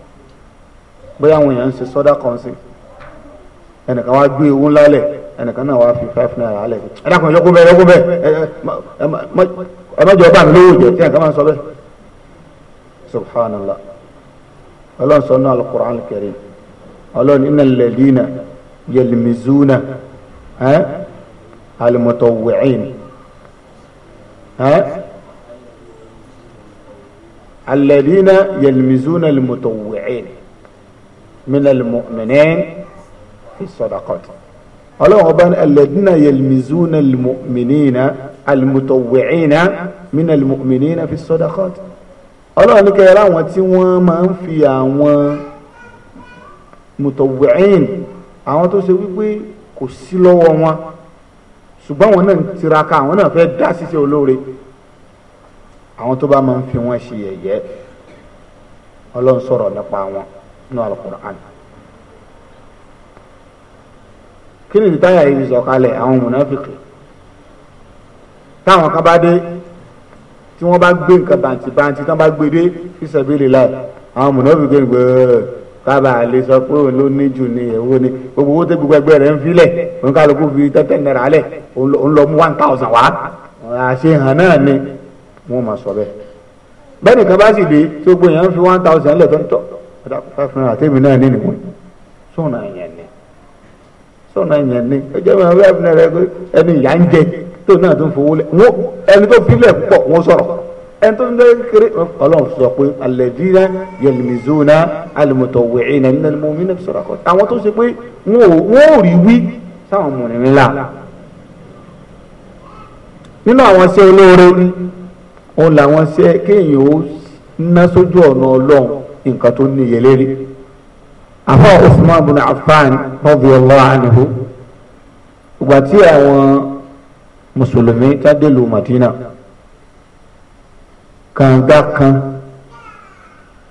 bóyá àwọn èèyàn ń ṣe sọ́dá kan sí ẹnìkan wá gbé owó ńlá lẹ̀ ẹnìkan náà wá fi five naira lẹ̀ ẹ dákun ẹ̀yọ́kú bẹ́ẹ̀ ẹ̀yọ́kú bẹ́ẹ̀ ẹ má jọ mi lówó jẹ tí ẹnìkan máa ń sọ bẹ́ẹ̀ subhanallah ọlọ́run sọ náà alukur'an karim ọlọ́run iná lẹ́dínà yẹlmizúnà alimọ̀tọ̀wẹ̀ẹ́n alladina yalmizuna almutawwi'in min almu'minin fi sadaqat ọlọ́run ọba ní alladina yalmizuna almu'minina almutawwi'ina min almu'minina fi sadaqat ọlọ́run ní kẹrẹ àwọn tí wọ́n máa ń fi àwọn mutawwi'in àwọn tó ṣe wípé kò sí lọ́wọ́ wọn ṣùgbọ́n àwọn náà ń tiraka àwọn náà fẹ́ dá ṣiṣẹ́ olóore àwọn tó bá máa ń fi wọn ṣe yẹ̀yẹ́ Ọlọ́run sọ̀rọ̀ nípa wọn nínú alukur'an kí ni ìtayà yìí sọ̀kalẹ̀ àwọn mùnàfìkì táwọn kan bá dé tí wọ́n bá gbé nǹkan bàǹtì bàǹtì tí bá gbé dé fi sabilillah àwọn mùnàfìkì gbẹ́ẹ́ kábà lè sọ pé òun ló ní jù ní èwo ni gbogbo owó tó gbogbo ẹgbẹ́ rẹ̀ ń filẹ̀ òun kálukú fi tẹ́tẹ́ náírà lẹ̀ òun lọ mú one thousand wá àṣehàn náà ni wọn máa sọ bẹ́ẹ̀ bẹ́ẹ̀ nìkan bá sì dé tí gbogbo èèyàn fi one thousand lẹ̀ tó ń tọ̀ ọ̀dà five hundred àtẹ̀mí náà ní nìwọ̀n sọ̀nà yẹn ni sọ̀nà yẹn ni ẹjẹ́ mi àwọn ẹ̀fọn rẹ ẹni ìyá ń jẹ tó náà tó ń fowó lẹ̀ wọ́n ẹni tó fílẹ̀ pọ̀ wọ́n sọ̀rọ̀ ẹni tó ń dẹ́ kiri ọlọ́run sọ pé alẹ́dínà yẹlẹmizóná alimọ̀tọ̀wẹ̀ẹ́ nà nínú mọ́mínà sọ̀rọ̀ kọ́ àwọn tó ṣe pé wọ́n ò rí wí sáwọn mọ̀nìyàn nínú àwọn ṣe olóore òun làwọn ṣe kéèyàn ó ná sójú ọ̀nà ọlọ́run nǹkan tó ní ìyẹlẹ́rí àfọ Usman bin Affan radiyallahu anhu ìgbà tí àwọn mùsùlùmí tádélu Madina kànga kan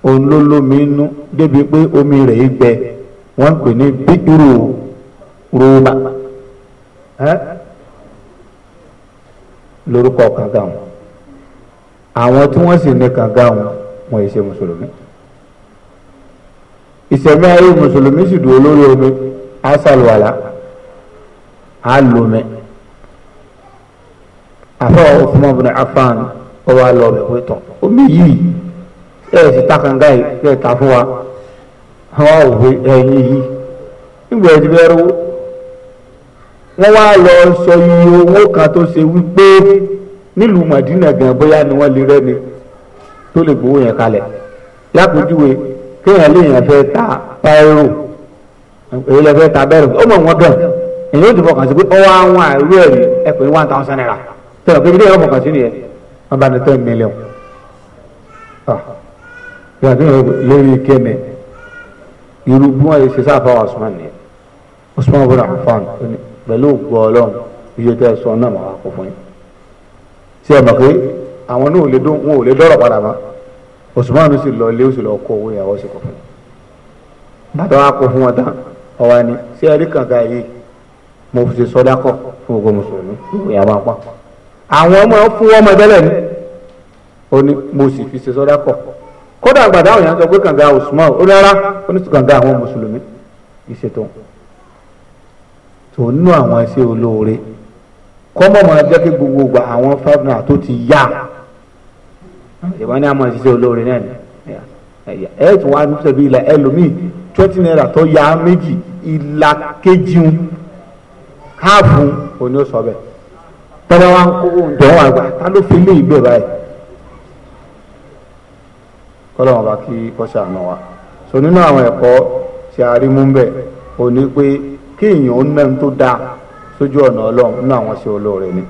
òun ló lómi inú débi pé omi rẹ̀ gbẹ wọ́n pè ní bídúró roma lórúkọ kànga wọn. àwọn tí wọ́n sì ní kànga wọn wọn ìṣe mùsùlùmí ìṣẹ̀mí ayé mùsùlùmí sì dúró lórí omi asàlùwàlà àlùmí àfọ Uthman bin Affan ọwọ́ àlọ́ ọ̀bẹ̀ pé tán omi yìí ẹ̀ sì ta kànga yìí ẹ̀ ta fún wa àwọn òwe ẹ̀yìn yìí nígbà ẹ̀dí bẹ́ẹ̀ rú wọ́n wá lọ sọ iye owó kan tó ṣe wípé nílùú Mádínà gan bóyá ni wọ́n lè rẹ́ni tó lè gbowó yẹn kalẹ̀ lápèjúwe kéèyàn léèyàn fẹ́ ta pẹ́rù èyí lè fẹ́ ta bẹ́rù ó mọ̀ wọ́n dàn èyí ó ti fọkàn sí pé ọwọ́ àwọn àìrú ẹ̀rí ẹ pè ní one thousand naira tẹ̀wọ̀n kébí lẹ́yìn ọ̀fọ̀kàn sí nìyẹn wọ́n bá ní ten million yàtọ̀ lórí kẹ́mẹ̀ irú bí wọ́n ṣe sáfà wà Usman nìyẹn Usman bọ́dà Affan pẹ̀lú ògbọ́ ọlọ́run iye tẹ́ ẹ sọ náà mà wá kó fún yín tí ẹ mọ̀ pé àwọn náà ò lè dún wọn ò lè dọ́rọ̀ padà mọ́ Usman sì lọ ilé ó sì lọ kó owó ìyàwó sí kọ fún un bàtà wa kó fún wọn tán ọwọ́ ni sí ẹ̀rí kankan yìí mo fi ṣe sọ́dá kọ̀ fún gbogbo mùsùlùmí ìyàwó apá àwọn ọmọ fún ọmọ ẹgbẹ́lẹ̀ ni ó ní mo sì fi ṣe sọ́dá kọ̀ kódà àgbàdo àwọn èèyàn sọ kankan Usman ó rárá ó ní kankan àwọn mùsùlùmí ìṣètò tó nínú àwọn ẹṣẹ́ olóore kọ́mọ̀ máa jẹ́ kí gbogbo gba àwọn five naira tó ti yá ìwọ ni a máa ṣiṣẹ́ olóore náà ni ẹ ẹ tún ilà ẹlòmíì twenty naira tó yá méjì ìlà kejì ń káàfù òní ó sọ bẹ́ẹ̀ tọ́lá wa ń kó ǹjọ́ wà gbà tá ló fi lé ìgbẹ́ báyìí kọ́lọ́ wọn bá kí kọ́ṣà náà wá so nínú àwọn ẹ̀kọ́ tí a rí mú bẹ́ẹ̀ òní pé kéèyàn ó ná tó dáa. sójú ọ̀nà ọlọ́run nínú àwọn ṣe olóore ni.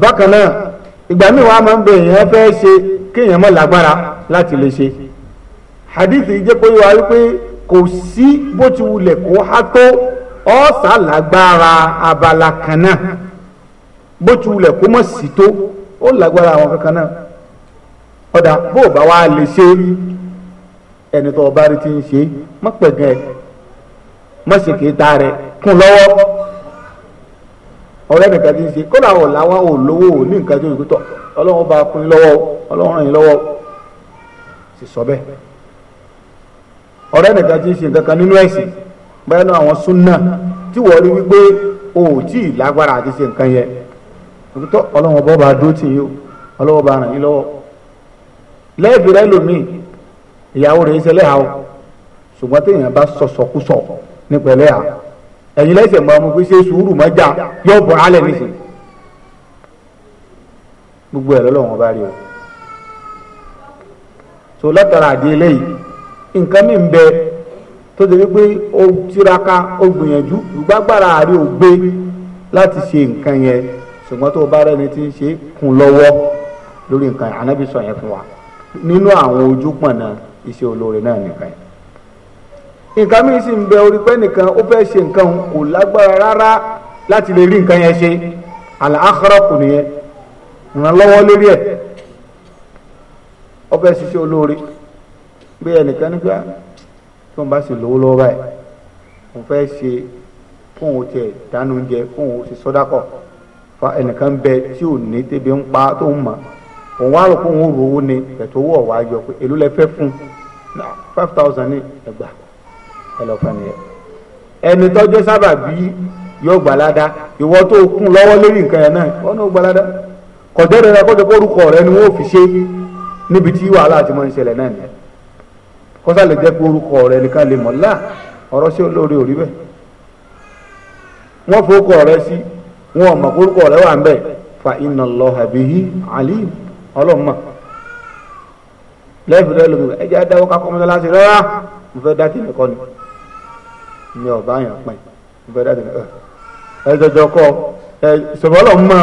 bákan náà ìgbà míì wàá máa ń bẹ èèyàn fẹ́ ṣe lati mọ̀ lágbára láti lè ṣe hadithi jẹ́ pé wá wípé kò sí bó ti wulẹ̀ kó há tó ọ̀sà lágbára abala kan náà bó ti wulẹ̀ kó mọ̀ sí tó ó lágbára àwọn kankan náà ọ̀dà bó bá lè ṣe ti ń ṣe mọ̀ mọ̀ ta rẹ̀ kún lọ́wọ́ ọ̀rẹ́ nìkan ti ń ṣe kódà wọn làwọn ò lówó ò ní nǹkan tó yẹ kó tọ Ọlọ́run bá kún lọ́wọ́ Ọlọ́run ràn yín lọ́wọ́ sì sọ bẹ́ẹ̀ ọ̀rẹ́ nìkan ti ń ṣe nǹkan kan nínú ẹ̀sìn bẹ́ẹ̀ náà àwọn súnà tí wọ́n rí wípé o ò tí ì lágbára àti ṣe nǹkan yẹn tó Ọlọ́run bọ́ bá dúró tì yín o Ọlọ́run bá ràn yín lọ́wọ́ lẹ́ẹ̀fì rẹ lòmíì ìyàwó rẹ̀ ń ṣẹlẹ̀ àwọn ṣùgbọ́n téèyàn bá sọ̀sọ̀kúsọ̀ nípẹ̀lẹ́ àwọn ẹ̀yin lẹ́sẹ̀ mọ́ ọmọ pé ṣé sùúrù mọ́jà yóò bọ̀ alẹ́ nísìnyí gbogbo ẹ̀ lọ́lọ́wọ́n bá rí o so látara àdé eléyìí nǹkan mi ń bẹ tó ṣe wípé ó tiraka ó gbìyànjú ìgbàgbára àrí ò gbé láti ṣe nǹkan yẹn ṣùgbọ́n tó o bá rẹ́ni tí ń ṣe kún lọ́wọ́ lórí nǹkan yẹn ànábì yẹn fún wa nínú àwọn ojúpọ̀nà iṣẹ́ olóore náà nìkan yẹn nǹkan míì sì ń bẹ orí pẹ́ nìkan ó fẹ́ ṣe nǹkan kò lágbára rárá láti lè rí nǹkan yẹn ṣe àlàáhárọ̀ kò nìyẹn ìrànlọ́wọ́ lórí ẹ̀ ó fẹ́ ṣiṣẹ́ olóore bí ẹnìkan nígbà ah, tí wọ́n bá sì lówó lọ́wọ́ báyìí wọ́n fẹ́ ṣe kóun ó tiẹ̀ dánú oúnjẹ kóun ó sì sọ́dákọ̀ fa ẹnìkan bẹ tí ò ní tẹ́bi ń pa tó ń mọ̀ òun wá rò kóun ó rówó ni ẹ̀tọ́ owó ọ̀wá yọ pé èló lẹ fẹ́ fún five thousand ní ẹgbàá ẹ lọ fún ẹnìyẹn ẹni tọ́jú sábà bí yóò gbalada ìwọ tó kún lọ́wọ́ lórí nǹkan yẹn náà wọn náà gbalada kọ̀dẹ́rẹ́ rẹ kọ́jọ́ orúkọ rẹ ni wọ́n ò fi ṣe níbi tí wàhálà àti mọ́ ìṣẹ̀lẹ̀ náà nìyẹn kọ́sà lè jẹ́ pé orúkọ rẹ nìkan lè mọ̀ láà ọ̀rọ̀ sí olóore ò rí bẹ́ẹ̀ wọ́n forúkọ rẹ sí wọn ò mọ̀ rẹ wà ń bẹ̀ fa inna Allaha bihi alim ọlọ́mọ lẹ́ẹ̀fì rẹ lómi ẹ̀jẹ̀ adáwọ́ kakọ́ mọ́tò láti mo fẹ́ dá tìǹkọ́ ni. ni ọba yẹn pin bẹ́ẹ̀ dẹ́ni ẹ ẹ jẹjọ kọ ẹ sọ̀bọ́lọ̀ mọ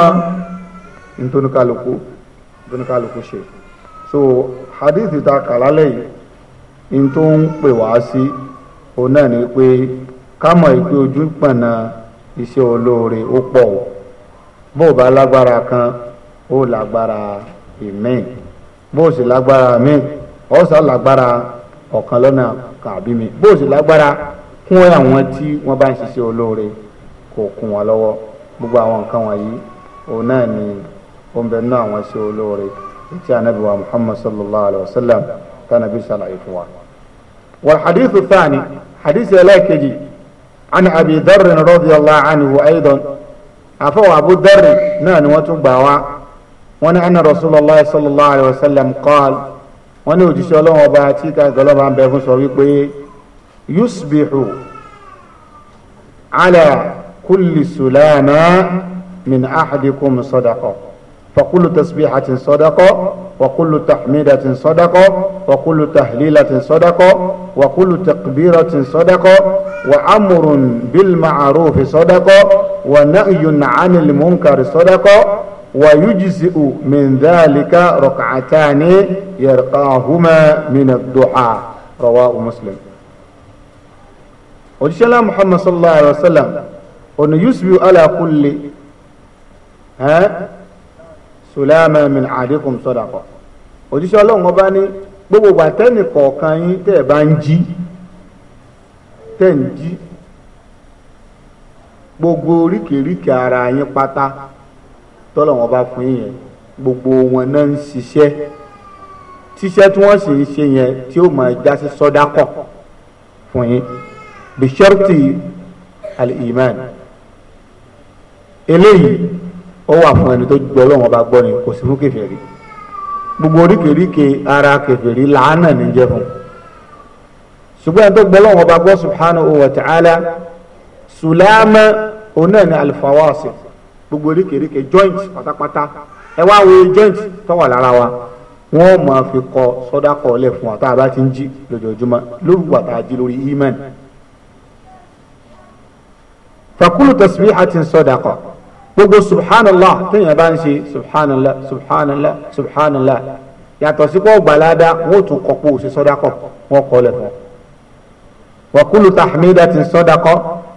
ntonukaluku ntonukaluku ṣe so hadithi ta kàlá lẹ́yìn n tó ń pè wá sí òun náà ni pé ká mọ̀ ìpè ojú pọ̀nà iṣẹ́ olóore ó pọ̀ o bó o bá kan ó lágbára ìmíì bó o sì lágbára míì ó sá lágbára ọ̀kan lọ́nà kàbí mi bó o sì lágbára kún àwọn tí wọ́n bá ń ṣiṣẹ́ olóore kò kún wọn lọ́wọ́ gbogbo àwọn nǹkan wọ̀nyí òun náà ni ó ń bẹ nínú àwọn ṣe olóore tí anabi wa muhammad sallallahu alayhi wa sallam tánàbí ṣàlàyé fún wa. wal hadithu thani hadith ẹlẹ́ẹ̀kejì an abi dharrin radiyallahu anhu aidan afọwọ́ abu dharrin náà ni wọ́n tún gbà wá wọ́n ní anna rasulallah sallallahu alayhi wa sallam qaal wọ́n ní òjíṣẹ́ ọlọ́wọ́n ọba tí ká gọlọ́ba ń bẹ fún sọ wípé. يسبح على كل سلامة من أحدكم صدقة فكل تسبيحة صدقة وكل تحميدة صدقة وكل تهليلة صدقة وكل تقبيرة صدقة وأمر بالمعروف صدقة ونهي عن المنكر صدقة ويجزئ من ذلك ركعتان يرقاهما من الدعاء رواه مسلم òjíṣẹ́ lá muhammad sallallahu alayhi wa sallam ọ̀nà yusufu alakulli ẹ́ sùlámà min àdínkù sọ́dàkọ̀ òjíṣẹ́ ọlọ́run ọba ní gbogbo gbàtẹ́nì kọ̀ọ̀kan yín tẹ́ ẹ̀ bá ń jí tẹ́ ń jí gbogbo oríkèéríkèé ara yín pátá tọ́lọ́run ọba fún yín yẹn gbogbo wọn náà ń ṣiṣẹ́ tíṣẹ́ tí wọ́n sì ń ṣe yẹn tí ó máa já sí fún yín bisharti al-iman eléyìí ó wà fún ẹni tó gbọ́ lọ́wọ́ bá gbọ́ ni kò sí fún kèfèrí gbogbo oríkèéríkè ara kèfèrí làánà ní jẹ́ fún ṣùgbọ́n ẹni tó gbọ́ lọ́wọ́ bá gbọ́ subhanahu wa ta'ala sùlámà onáà ní alifawasi gbogbo oríkèéríkè joint pátápátá ẹ wá wo joint tó lára wa wọ́n máa fi kọ sọ́dákọ̀ ọ̀lẹ̀ fún wa tá a bá ti ń jí lójoojúmọ́ lórúkọ àtàjì lórí iman fakulu tasbihatin sadaqa gbogbo subhanallah téèyàn bá ń ṣe subhanallah subhanallah subhanallah yàtọ̀ sí kó gbalada wọ́n tún kọ́ pé òṣè sadaqa wọ́n kọ́ lẹ̀ fakulu tahmidatin sadaqa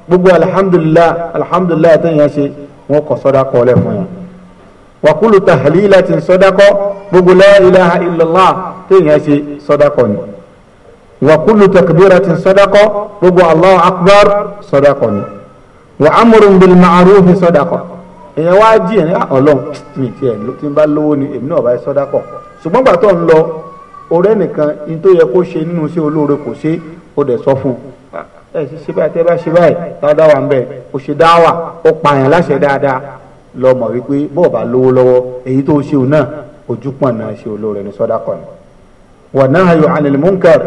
gbogbo alhamdulilah alhamdulilah téèyàn ṣe wọ́n kọ́ sadaqa lẹ̀ fún yàn wakulu tahlilatin sadaqa gbogbo la ilaha illallah téèyàn ṣe sadaqa ni wakulu takbiratin sadaqa gbogbo allahu akbar sadaqa wa amrun bil ma'rufi sadaqa èèyàn wá jí ẹ̀ ní ah, ọlọ́run mi ti ẹ̀ tí n bá lówó ni èmi náà bá sadaqa ṣùgbọ́n bàtọ́ ń lọ ọ̀rẹ́ nìkan ní tó yẹ kó ṣe nínú sí olóore kò ṣe ó dẹ̀ sọ fún un ah, ẹ ṣe ṣe báyìí tẹ bá ṣe báyìí dáadáa wà ń bẹ ó ṣe dáwà ó pààyàn láṣẹ dáadáa lọ mọ̀ wípé bọ́ọ̀ bá lówó lọ́wọ́ èyí tó ṣe òun náà ojú pọ̀ náà ṣe olóore ní sọ́dá kọ́ni. wà náà yọ anil munkar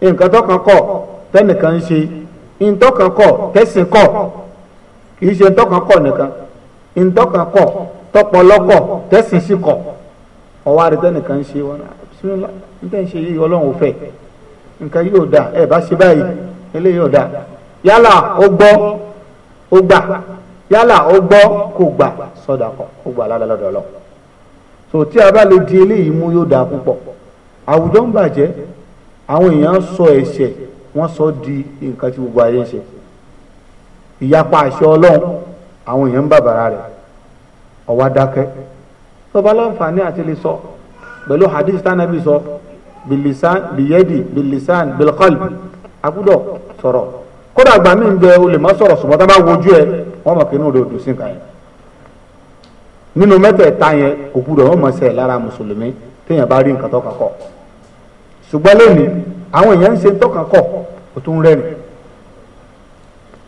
nǹkan tọkàn kọ tẹnìkan ṣe nǹtọkàn kọ tẹsìn kọ kì í ṣe ntọ́kàn kọ̀ nìkan ntọ́kàn kọ̀ tọpọlọ́kọ̀ tẹ̀sìn sí kọ̀ ọwọ́ àrètẹ́ nìkan ń ṣe wọn bisimilá n tẹ́ ń ṣe yìí ọlọ́run ò fẹ́ nǹkan yóò dà ẹ bá ṣe báyìí eléyìí yóò dà yálà ó gbọ́ ó gbà yálà ó gbọ́ kò gbà sọ̀dà kọ̀ ó gbà ládàlọ́dọ̀ lọ. so tí a bá lè di eléyìí mú yóò dáa púpọ̀ àwùjọ ń bàjẹ́ àwọn èèyàn sọ ẹ̀ṣẹ̀ wọ́n sọ di nǹkan tí gbogbo ayé ń ṣe ìyapa àṣẹ ọlọ́run àwọn èèyàn ń bàbàrà rẹ̀ ọ̀wá dákẹ́ tọba láǹfààní àti lè sọ pẹ̀lú hadith tánàbí sọ bilisan biyedi bilisan bilqal akúdọ̀ sọrọ kódà àgbà mi ń bẹ olè má sọ̀rọ̀ tá a bá wojú ẹ wọn mọ̀ kí inú rẹ̀ ò yẹn nínú mẹ́tẹ̀ẹ̀ta yẹn òkú lára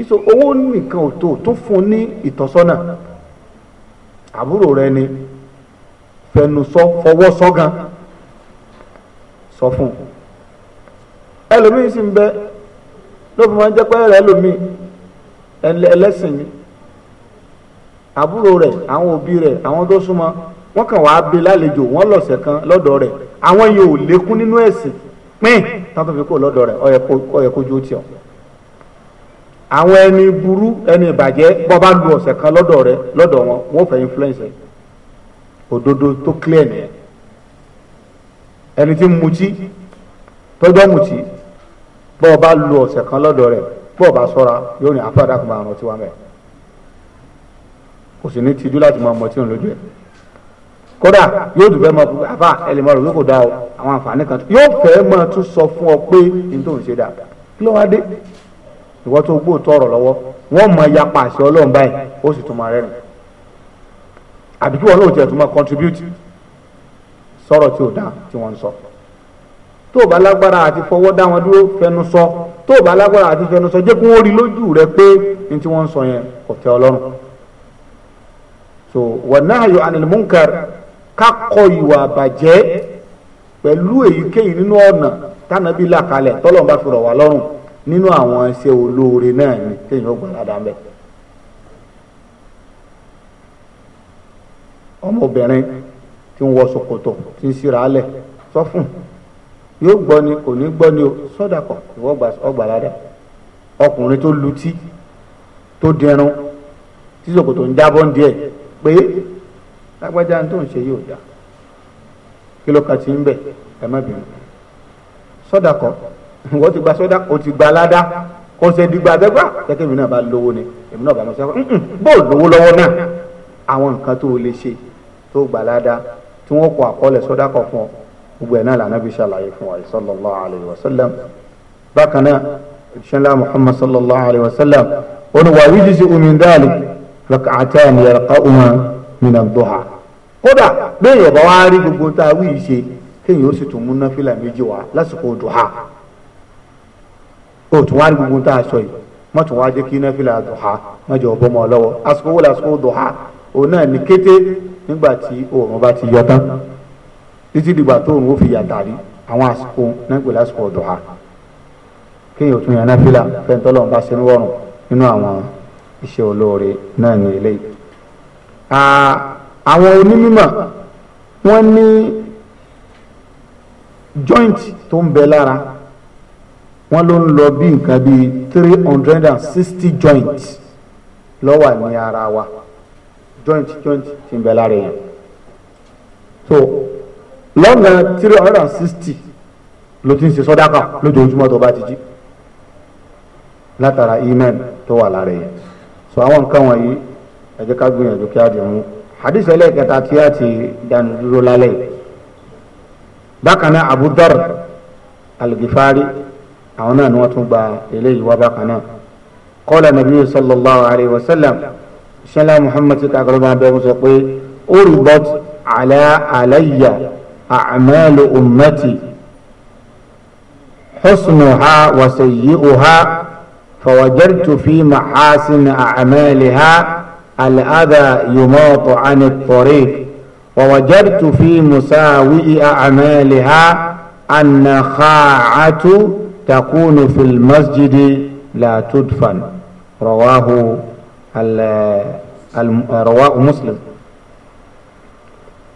kì í so owó nìkan ò tó tún fún ní ìtọ́sọ́nà àbúrò rẹ ni fẹnusọ fọwọ́ sọ́gan sọ fún ẹlòmíín sì ń bẹ ló fi máa ń jẹ́ pé rẹ lòmíín ẹlẹ́sìn ni àbúrò rẹ àwọn òbí rẹ àwọn tó súnmọ́ wọ́n kàn wá gbé lálejò wọ́n lọ̀sẹ̀ kan lọ́dọ̀ rẹ̀ àwọn yìí ò lékún nínú ẹ̀sìn pín tán tó lọ́dọ̀ rẹ̀ ó yẹ kó ju ó tiọ̀ àwọn ẹni burú ẹni ìbàjẹ́ bọ́ bá lu ọ̀sẹ̀ kan lọ́dọ̀ rẹ lọ́dọ̀ wọn wọ́n fẹ́ influence ẹ̀ òdodo tó clear nìyẹn ẹni tí ń mutí tọ́jọ́ mutí bọ́ ọ bá lu ọ̀sẹ̀ kan lọ́dọ̀ rẹ̀ bọ́ ọ bá sọ́ra yóò ní afárá kan máa ràn tiwa mẹ́ kò sì ní tijú láti máa mọ òun lójú ẹ̀ kódà yóò dùn fẹ́ mọ àfà ẹlẹ́mọ̀ rẹ̀ kò dáa àwọn àǹfààní kan yóò fẹ́ mọ tún sọ fún ọ pé n tó ṣe dáadáa kí ló wá dé ìwọ tó gbóòótọ́ ọ̀rọ̀ lọ́wọ́ wọ́n mọ yapa àṣẹ ọlọ́run báyìí ó sì tún máa rẹ́rìn àbí kí wọn náà tiẹ̀ tún máa contribute sọ̀rọ̀ tí ò dáa tí wọ́n ń sọ tó o bá lágbára àti fọwọ́ dá wọn dúró fẹnu sọ tó o bá lágbára àti fẹnu sọ jẹ́ kí wọ́n rí lójú rẹ pé ní tí wọ́n ń sọ yẹn kò tẹ́ ọlọ́run so wọnáàyò anilmunkar kakọ ìwà àbàjẹ́ pẹ̀lú èyíkéyìí nínú ọ̀nà tánàbí là kalẹ̀ nínú àwọn iṣẹ́ olóore náà ni kéèyàn ó gbà ládàá mbẹ. ọmọbìnrin tí ń wọ ṣòkòtò tí ń ṣíra alẹ̀ sọ fún yóò gbọ́ ni kò ní gbọ́ ni o sọ́dà kan ìwọ ọgbà ládàá ọkùnrin tó lutí tó dẹrun tí ṣòkòtò ń jábọ́ ń pé lágbájá tó ń ṣe yóò dá kí ló ka ti ń bẹ̀ ẹ má bínú sọ́dà kan wọ́n ti gba sọ́dá o ti gba aládá kò ṣe dìgbà àtẹ́gbà kẹ́kẹ́ mi náà bá lówó ni èmi náà bá lọ sẹ́kọ̀ọ́ bó lówó lọ́wọ́ náà àwọn nǹkan tó o lè ṣe tó gba aládá tí wọ́n kọ àkọọ́lẹ̀ sọ́dá kọ̀ gbogbo ẹ̀ náà lànà bí ṣàlàyé fún wa sallallahu alayhi wa sallam bákan náà ìṣẹ́lá muhammad sallallahu alayhi wa sallam ó wà wíjì sí omi dáàlì rak'atan yalqahuma min ad o tún wá rí gbogbo tá a sọ yìí má tún wá jẹ́ kí náfìlà dùhà má jẹ́ ọ̀bọ mọ́ ọ lọ́wọ́ àsìkò wọlé àsìkò dùhà òun náà ní kété nígbà tí oòrùn bá ti yọ tán títí dìgbà tó oòrùn ó fi yàtàrí àwọn àsìkò náà pè lásìkò dùhà kéèyàn ò tún yan náfìlà fẹ́ntọ́lọ́ bá ṣe ń rọrùn nínú àwọn iṣẹ́ olóore náà ní ilé àwọn onímọ̀ wọ́n ní joint tó ń bẹ lára wọ́n ló ń lọ bí nǹkan bíi three hundred and sixty joint ló ní ara wa joint joint ti ń bẹ lára yẹn so lọ́nà three hundred and sixty ló ti ń ṣe sọ́dáka lójoojúmọ́ tó bá ti jí látara imen tó wà lára yẹn so àwọn nǹkan wọ̀nyí ẹ jẹ́ ká gbìyànjú kí á dì mú hadith ẹlẹ́ẹ̀kẹta tí a ti dànù dúró lálẹ́ bákan náà Abu Dar àwọn náà ni wọ́n tún gba eléyìí wá bákan náà kọ́lá nàbí sallallahu alayhi wa sallam ṣẹlá muhammad ti kàkọ́ lọ́ba abẹ́ wọn sọ pé uribat ala alayya a'malu ummati husnuha wa sayyi'uha fawajartu fi mahasin a'maliha al'adha yumatu an at-tariq ووجدت في مساوئ أعمالها النخاعة takunu في المسجد لا تدفن رواه al al rawahu muslim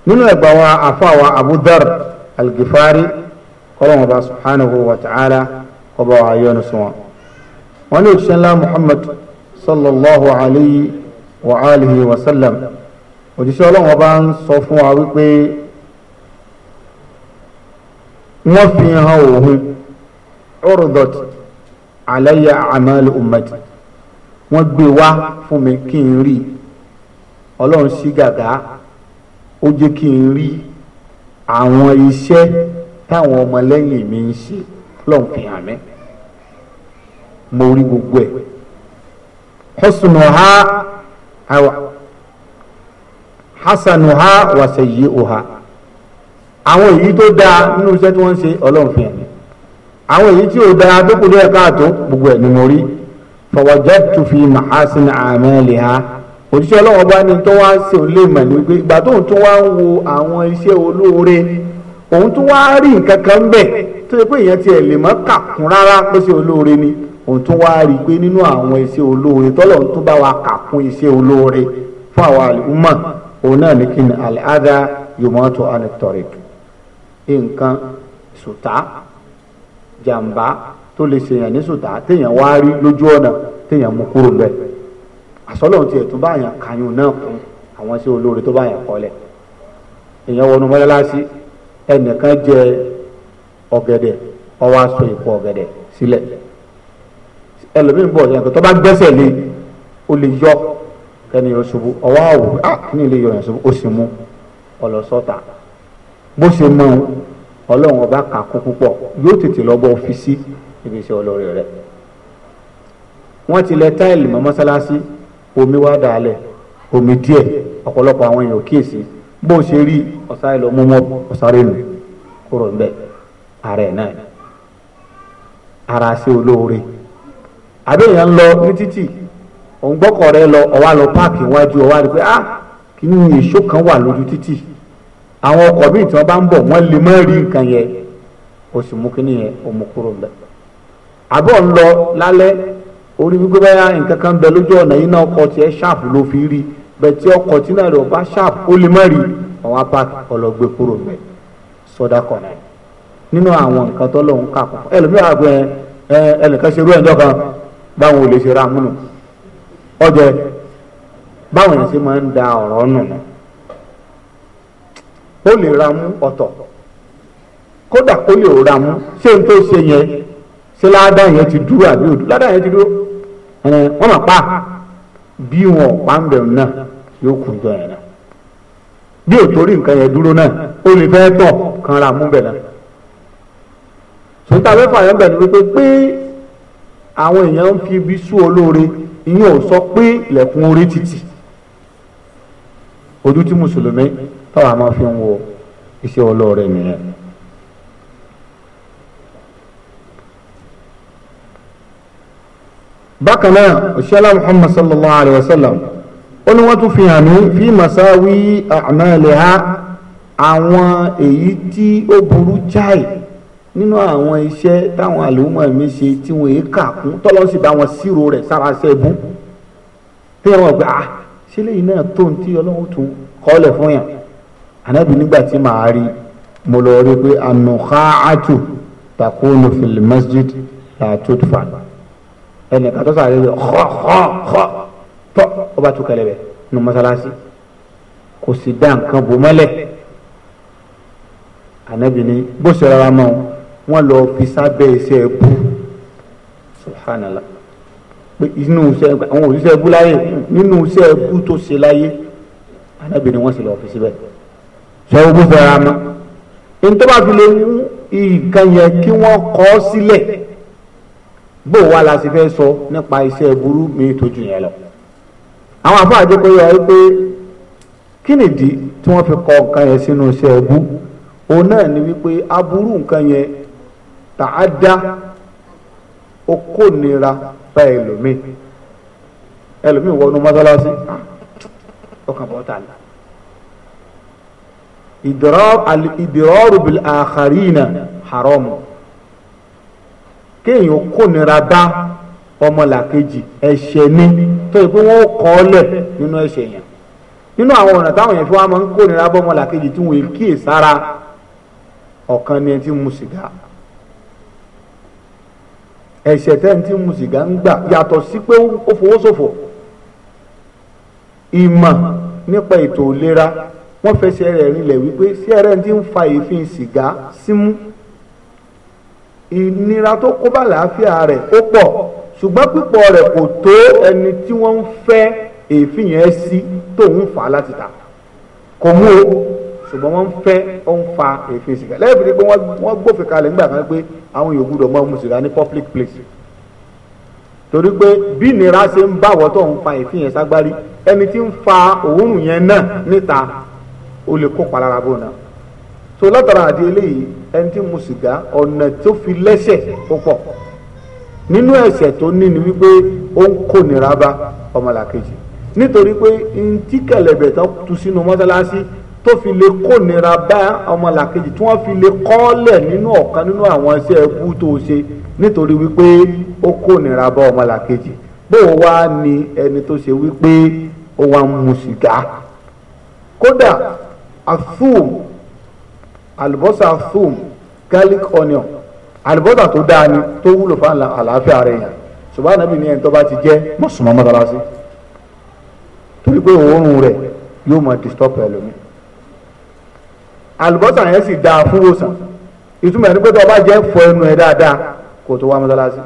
nínú ẹgbà wa àfàwà abudar algifari kọlọ́wọ́n bá subhanahu wa ta'ala kọba wa yọ́nu sí wọn wọn ní òṣìṣẹ́ ńlá muhammad sallallahu alayhi wa alihi wa sallam òṣìṣẹ́ ọlọ́wọ́n bá ń sọ wa wípé wọ́n fi hàn òun ọ̀rọ̀dọ̀t àlẹ́yà àmàlù ummati wọ́n gbé wá fún mi kí n rí ọlọ́run sí gàgá ó jẹ́ kí n rí àwọn iṣẹ́ táwọn ọmọlẹ́yìn mi ń ṣe ọlọ́run fi hàn mí mo rí gbogbo ẹ̀ husnuha hasanuha wa sayyi'uha àwọn èyí tó dáa nínú iṣẹ́ tí wọ́n ń ṣe ọlọ́run fi hàn mí. àwọn èyí tí ò dára tó kù díẹ̀ káàtó gbogbo ẹ̀ mo rí tó fi màhásìn ha òṣìṣẹ́ ọlọ́wọ́n bá ní tó wá sí ò lè mọ̀ ní ìgbà tóun tún wá ń wo àwọn iṣẹ́ olóore òun tún wá rí nǹkan tó ni òun tún wá rí i pé nínú àwọn wa kàkún olóore fún àwọn òun náà ní kí ni nǹkan jàǹbá tó lè ṣèyàn ní sùtá téèyàn wá rí lójú ọ̀nà téèyàn mú kúrò bẹ́ẹ̀ àsọlọ́run tiẹ̀ tún báyàn kàyún náà kún àwọn sí olóore tó báyàn kọ́lẹ̀ èèyàn wọnú mọ́lẹ́láṣí ẹnìkan jẹ ọ̀gẹ̀dẹ̀ ó wá aṣọ ìpò ọ̀gẹ̀dẹ̀ sílẹ̀ ẹlòmíín bọ̀ ọ̀sẹ̀ tó bá gbẹ́sẹ̀ lé ó lè yọ kẹ́ni ah, yọ ṣubú ọwọ́ àwò á ní ilé yọyàn ṣubú ó sì mú ọlọ́sọ́ta bó ṣe mọ ọlọ́run ọba kà kú púpọ̀ yóò tètè lọ bọ fi ibi se olori rẹ wọn ti lẹ̀ táìlì mọ́ mọ́sálásí omi wá omi díẹ̀ ọpọlọpọ àwọn èèyàn kíyèsí bó ṣe rí ọ̀sáré lọ mọ́mọ́ ọ̀sáré nù kúrò ń ara náà ara ṣe olóore àbẹ̀yàn lọ ní títì òun gbọ́kọ̀ rẹ lọ lọ páàkì iwájú ah kí ni kan wà lójú títì àwọn ọkọ̀ bá ń bọ̀ wọ́n lè má rí nǹkan o sì mú kíní yẹn o mú kúrò lẹ àbọ̀ ń lọ lálẹ́ orí wípé báyà yìí náà ló fi ri bẹ́ẹ̀ tí náà rẹ̀ ọba ṣáàpù ó lè má rí ọwọ́ apáàkì ọlọ́gbẹ́ kúrò mẹ́ sọdá kọ̀nà nínú àwọn nǹkan tó kà ẹnìkan kan báwọn ò kódà kó lè ra mú ṣé n tó ṣe yẹn ṣé ládàá yẹn ti dúró àbí òdú ládàá yẹn ti dúró wọ́n mà pa bí wọn ọ̀pá ń bẹ̀rù náà yóò kún jọ yẹn náà bí ò torí nǹkan yẹn dúró náà ó lè fẹ́ tọ̀ kan ra mú bẹ̀ náà sọ́tà fẹ́fà yẹn bẹ̀rù wípé pé àwọn èèyàn ń fi ibi sú olóore ìyẹn ò sọ pé ilẹ̀kùn orí títì ojú tí mùsùlùmí táwa máa fi ń wo iṣẹ́ olóore nìyẹn. bákan náà òṣìṣẹ́lá muhammad sallallahu alayhi wa sallam ó ní wọ́n tún fi hàn mí fi masáwí àmàlẹ́há àwọn èyí tí ó burú jáì nínú àwọn iṣẹ́ táwọn àlùmọ̀ mi ṣe tí wọ́n èé kà kún tọ́lọ́ sì bá wọn sírò rẹ̀ sára ṣẹ́bù tí wọ́n gbà á ah, ṣé lẹ́yìn náà tó ń tí ọlọ́run tún kọ́lẹ̀ fún yàn ànábì nígbà tí màá rí mo lọ rí pé ànùkáàtù takunu fil masjid la tudfa ẹnì kan tó sáré yọ xọ xọ xọ tọ ba bá tún kẹlẹbẹ nu mọ́sálásí kò sì dá nǹkan bò mọ́lẹ̀ ànábì ni bó sọ̀rọ̀ wa mọ́ wọn lọ fi sábẹ́ iṣẹ́ ẹ̀bù subhanallah pé inú iṣẹ́ àwọn òṣìṣẹ́ ẹ̀bù láyé nínú iṣẹ́ ẹ̀bù tó ṣe láyé ànábì ni wọ́n sì lọ fi síbẹ̀ sọ̀rọ̀ bó sọ̀rọ̀ wa mọ́ ní tó bá fi lè mú nǹkan yẹn kí wọ́n kọ́ sílẹ̀ bó wa la sì fẹ́ sọ nípa iṣẹ́ burú mi tó jù yẹn lọ. àwọn àfáà àjẹpẹ́ yà wí pé kí nìdí tí wọ́n fi kọ nǹkan yẹn sínú iṣẹ́ bú òun náà ni wípé aburú nǹkan yẹn tààdá ó kò nira bá ẹlòmíì ẹlòmíì wọnú mọ́sálásí ọkàn ah, bọ́ tà ní. ìdìrọ́rù bil àkàrínà haramu. kéèyàn kónira bá ọmọlàkejì ẹ̀ṣẹ̀ ni tó yẹ pé wọ́n kọ́ ọ lẹ̀ nínú ẹ̀ṣẹ̀ yẹn nínú àwọn ọ̀nà táwọn yẹn fi wá máa ń kónira bá ọmọlàkejì tí wọ́n kíyè sára ọ̀kan ni ẹ ti mu sìgá ẹ̀ṣẹ̀ tẹ́ ń ti mu sìgá ń gbà yàtọ̀ sí pé ó fowó ṣòfò ìmọ̀ nípa ètò ìlera wọ́n fẹsẹ̀ rẹ̀ rinlẹ̀ wípé sí ẹ̀rẹ́ ti ń fa èéfín sìgá símú. Si ìnira tó kó bá làáfíà rẹ̀ ó pọ̀ ṣùgbọ́n pípọ̀ rẹ̀ kò tó ẹni tí wọ́n ń fẹ́ èéfín yẹn sí tóun fà á láti ta kò mú o ṣùgbọ́n wọ́n ń fẹ́ ó ń fa èéfín sìgá lẹ́yìn fi ni pé wọ́n gbófin kalẹ̀ nígbà kan pé àwọn yòókù gbọ́dọ̀ máa mu sìgá ní public place torí pé bí ìnira ṣe ń báwọ̀ tó ń fa èéfín yẹn ságbárí ẹni tí ń fa òórùn yẹn náà níta ó lè kópa lára bó náà so látara àti eléyìí ẹni tí mu sìgá ọ̀nà tó fi lẹ́sẹ̀ ó nínú ẹ̀ṣẹ̀ tó ní ni wípé ó ń kó nira bá ọmọlàkejì nítorí pé ntí kẹlẹ̀bẹ̀ tán tu sínú mọ́sálásí tó fi lè kó nira bá ọmọlàkejì tí wọ́n fi lè kọ́lẹ̀ nínú ọ̀kan nínú àwọn iṣẹ́ ẹbú tó ṣe nítorí wípé ó kó nira bá ọmọlàkejì bó o wá ní ẹni tó ṣe wípé ó wá ń mu sìgá kódà àfúù àlùbọ́sà thum garlic onion àlùbọ́sà tó dáa ni tó wúlò fún àlàáfíà rẹ̀ yàn ṣùgbọ́n ànábì ní ẹni tó bá ti jẹ́ mọ̀sùnmọ́ mọ́tàlásí torí pé òórùn rẹ̀ yóò máa disturb ẹlòmí àlùbọ́sà yẹn sì dáa fún wòsàn ìtumọ̀ ẹni pé tó o bá jẹ́ fọ ẹnu ẹ dáadáa kó tó wá mọ́tàlásí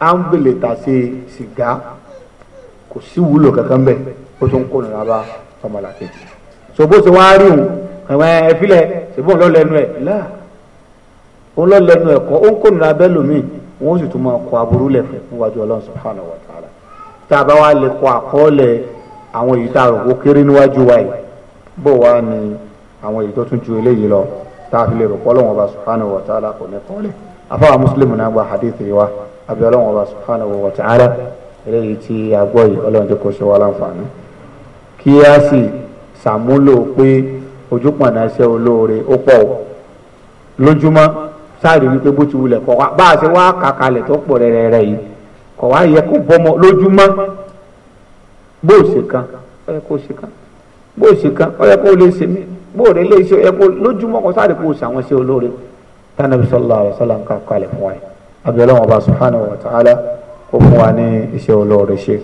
áńbìlì tàṣe sìgá kò sí wúlò kankan bẹ́ẹ̀ ó tún kó nira bá ọmọlàkejì so ṣe wá rí òun ẹ̀wọ̀n ẹ̀fílẹ̀ ṣèbọn lọ́lẹ́nu ẹ̀ láà ó lọ́lẹ́nu ẹ̀kọ́ ó ń kónira bẹ́ẹ̀ lómi wọn ó sì tún máa kọ aburú lẹ̀ fún níwájú ọlọ́run subhanahu wa ta'ala tá a bá wá lè kọ àkọọ́lẹ̀ àwọn èyí tá a rò ó kéré níwájú wa yìí bó wá ní àwọn èyí tó tún ju eléyìí lọ tá a fi lè rò pọ́ lọ́wọ́n ọba subhanahu wa ta'ala kò ní kọ́lẹ̀ afáwà mùsùlùmí náà gba hadith yìí wá àbí ọlọ́wọ́n ọba subhanahu wa ta'ala eléyìí tí a gbọ́ yìí ọlọ́run jẹ́ kó ṣe wá láǹfààní kí a sì ṣàmúlò pé ojúpọ̀nà iṣẹ́ olóore ó pọ̀ o lójúmọ́ sáré wípé bó ti wulẹ̀ kọ́ wa bá a ṣe wá kàkalẹ̀ tó pọ̀ rẹ̀rẹ̀rẹ̀ yìí kọ̀ wá yẹ kó bọ́mọ lójúmọ́ bó o ṣe kan ó yẹ kó o ṣe kan bó o ṣe kan ó yẹ kó o lè ṣe mí bó o rẹ̀ lè ṣe ó yẹ kó lójúmọ́ kó sáré kó o ṣàwọn ṣe olóore tánàbí sallallahu alaihi wasallam ká fún wa yìí abiyalawo ọba subhanahu wa ta'ala kó fún wa ní iṣẹ́ olóore ṣe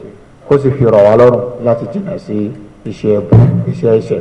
kó sì fi rọ̀ wá lọ́rùn láti jìnnà sí iṣẹ́ ẹ̀bùn iṣẹ́ ẹ̀ṣẹ̀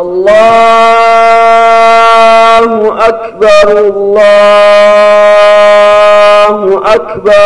الله أكبر الله أكبر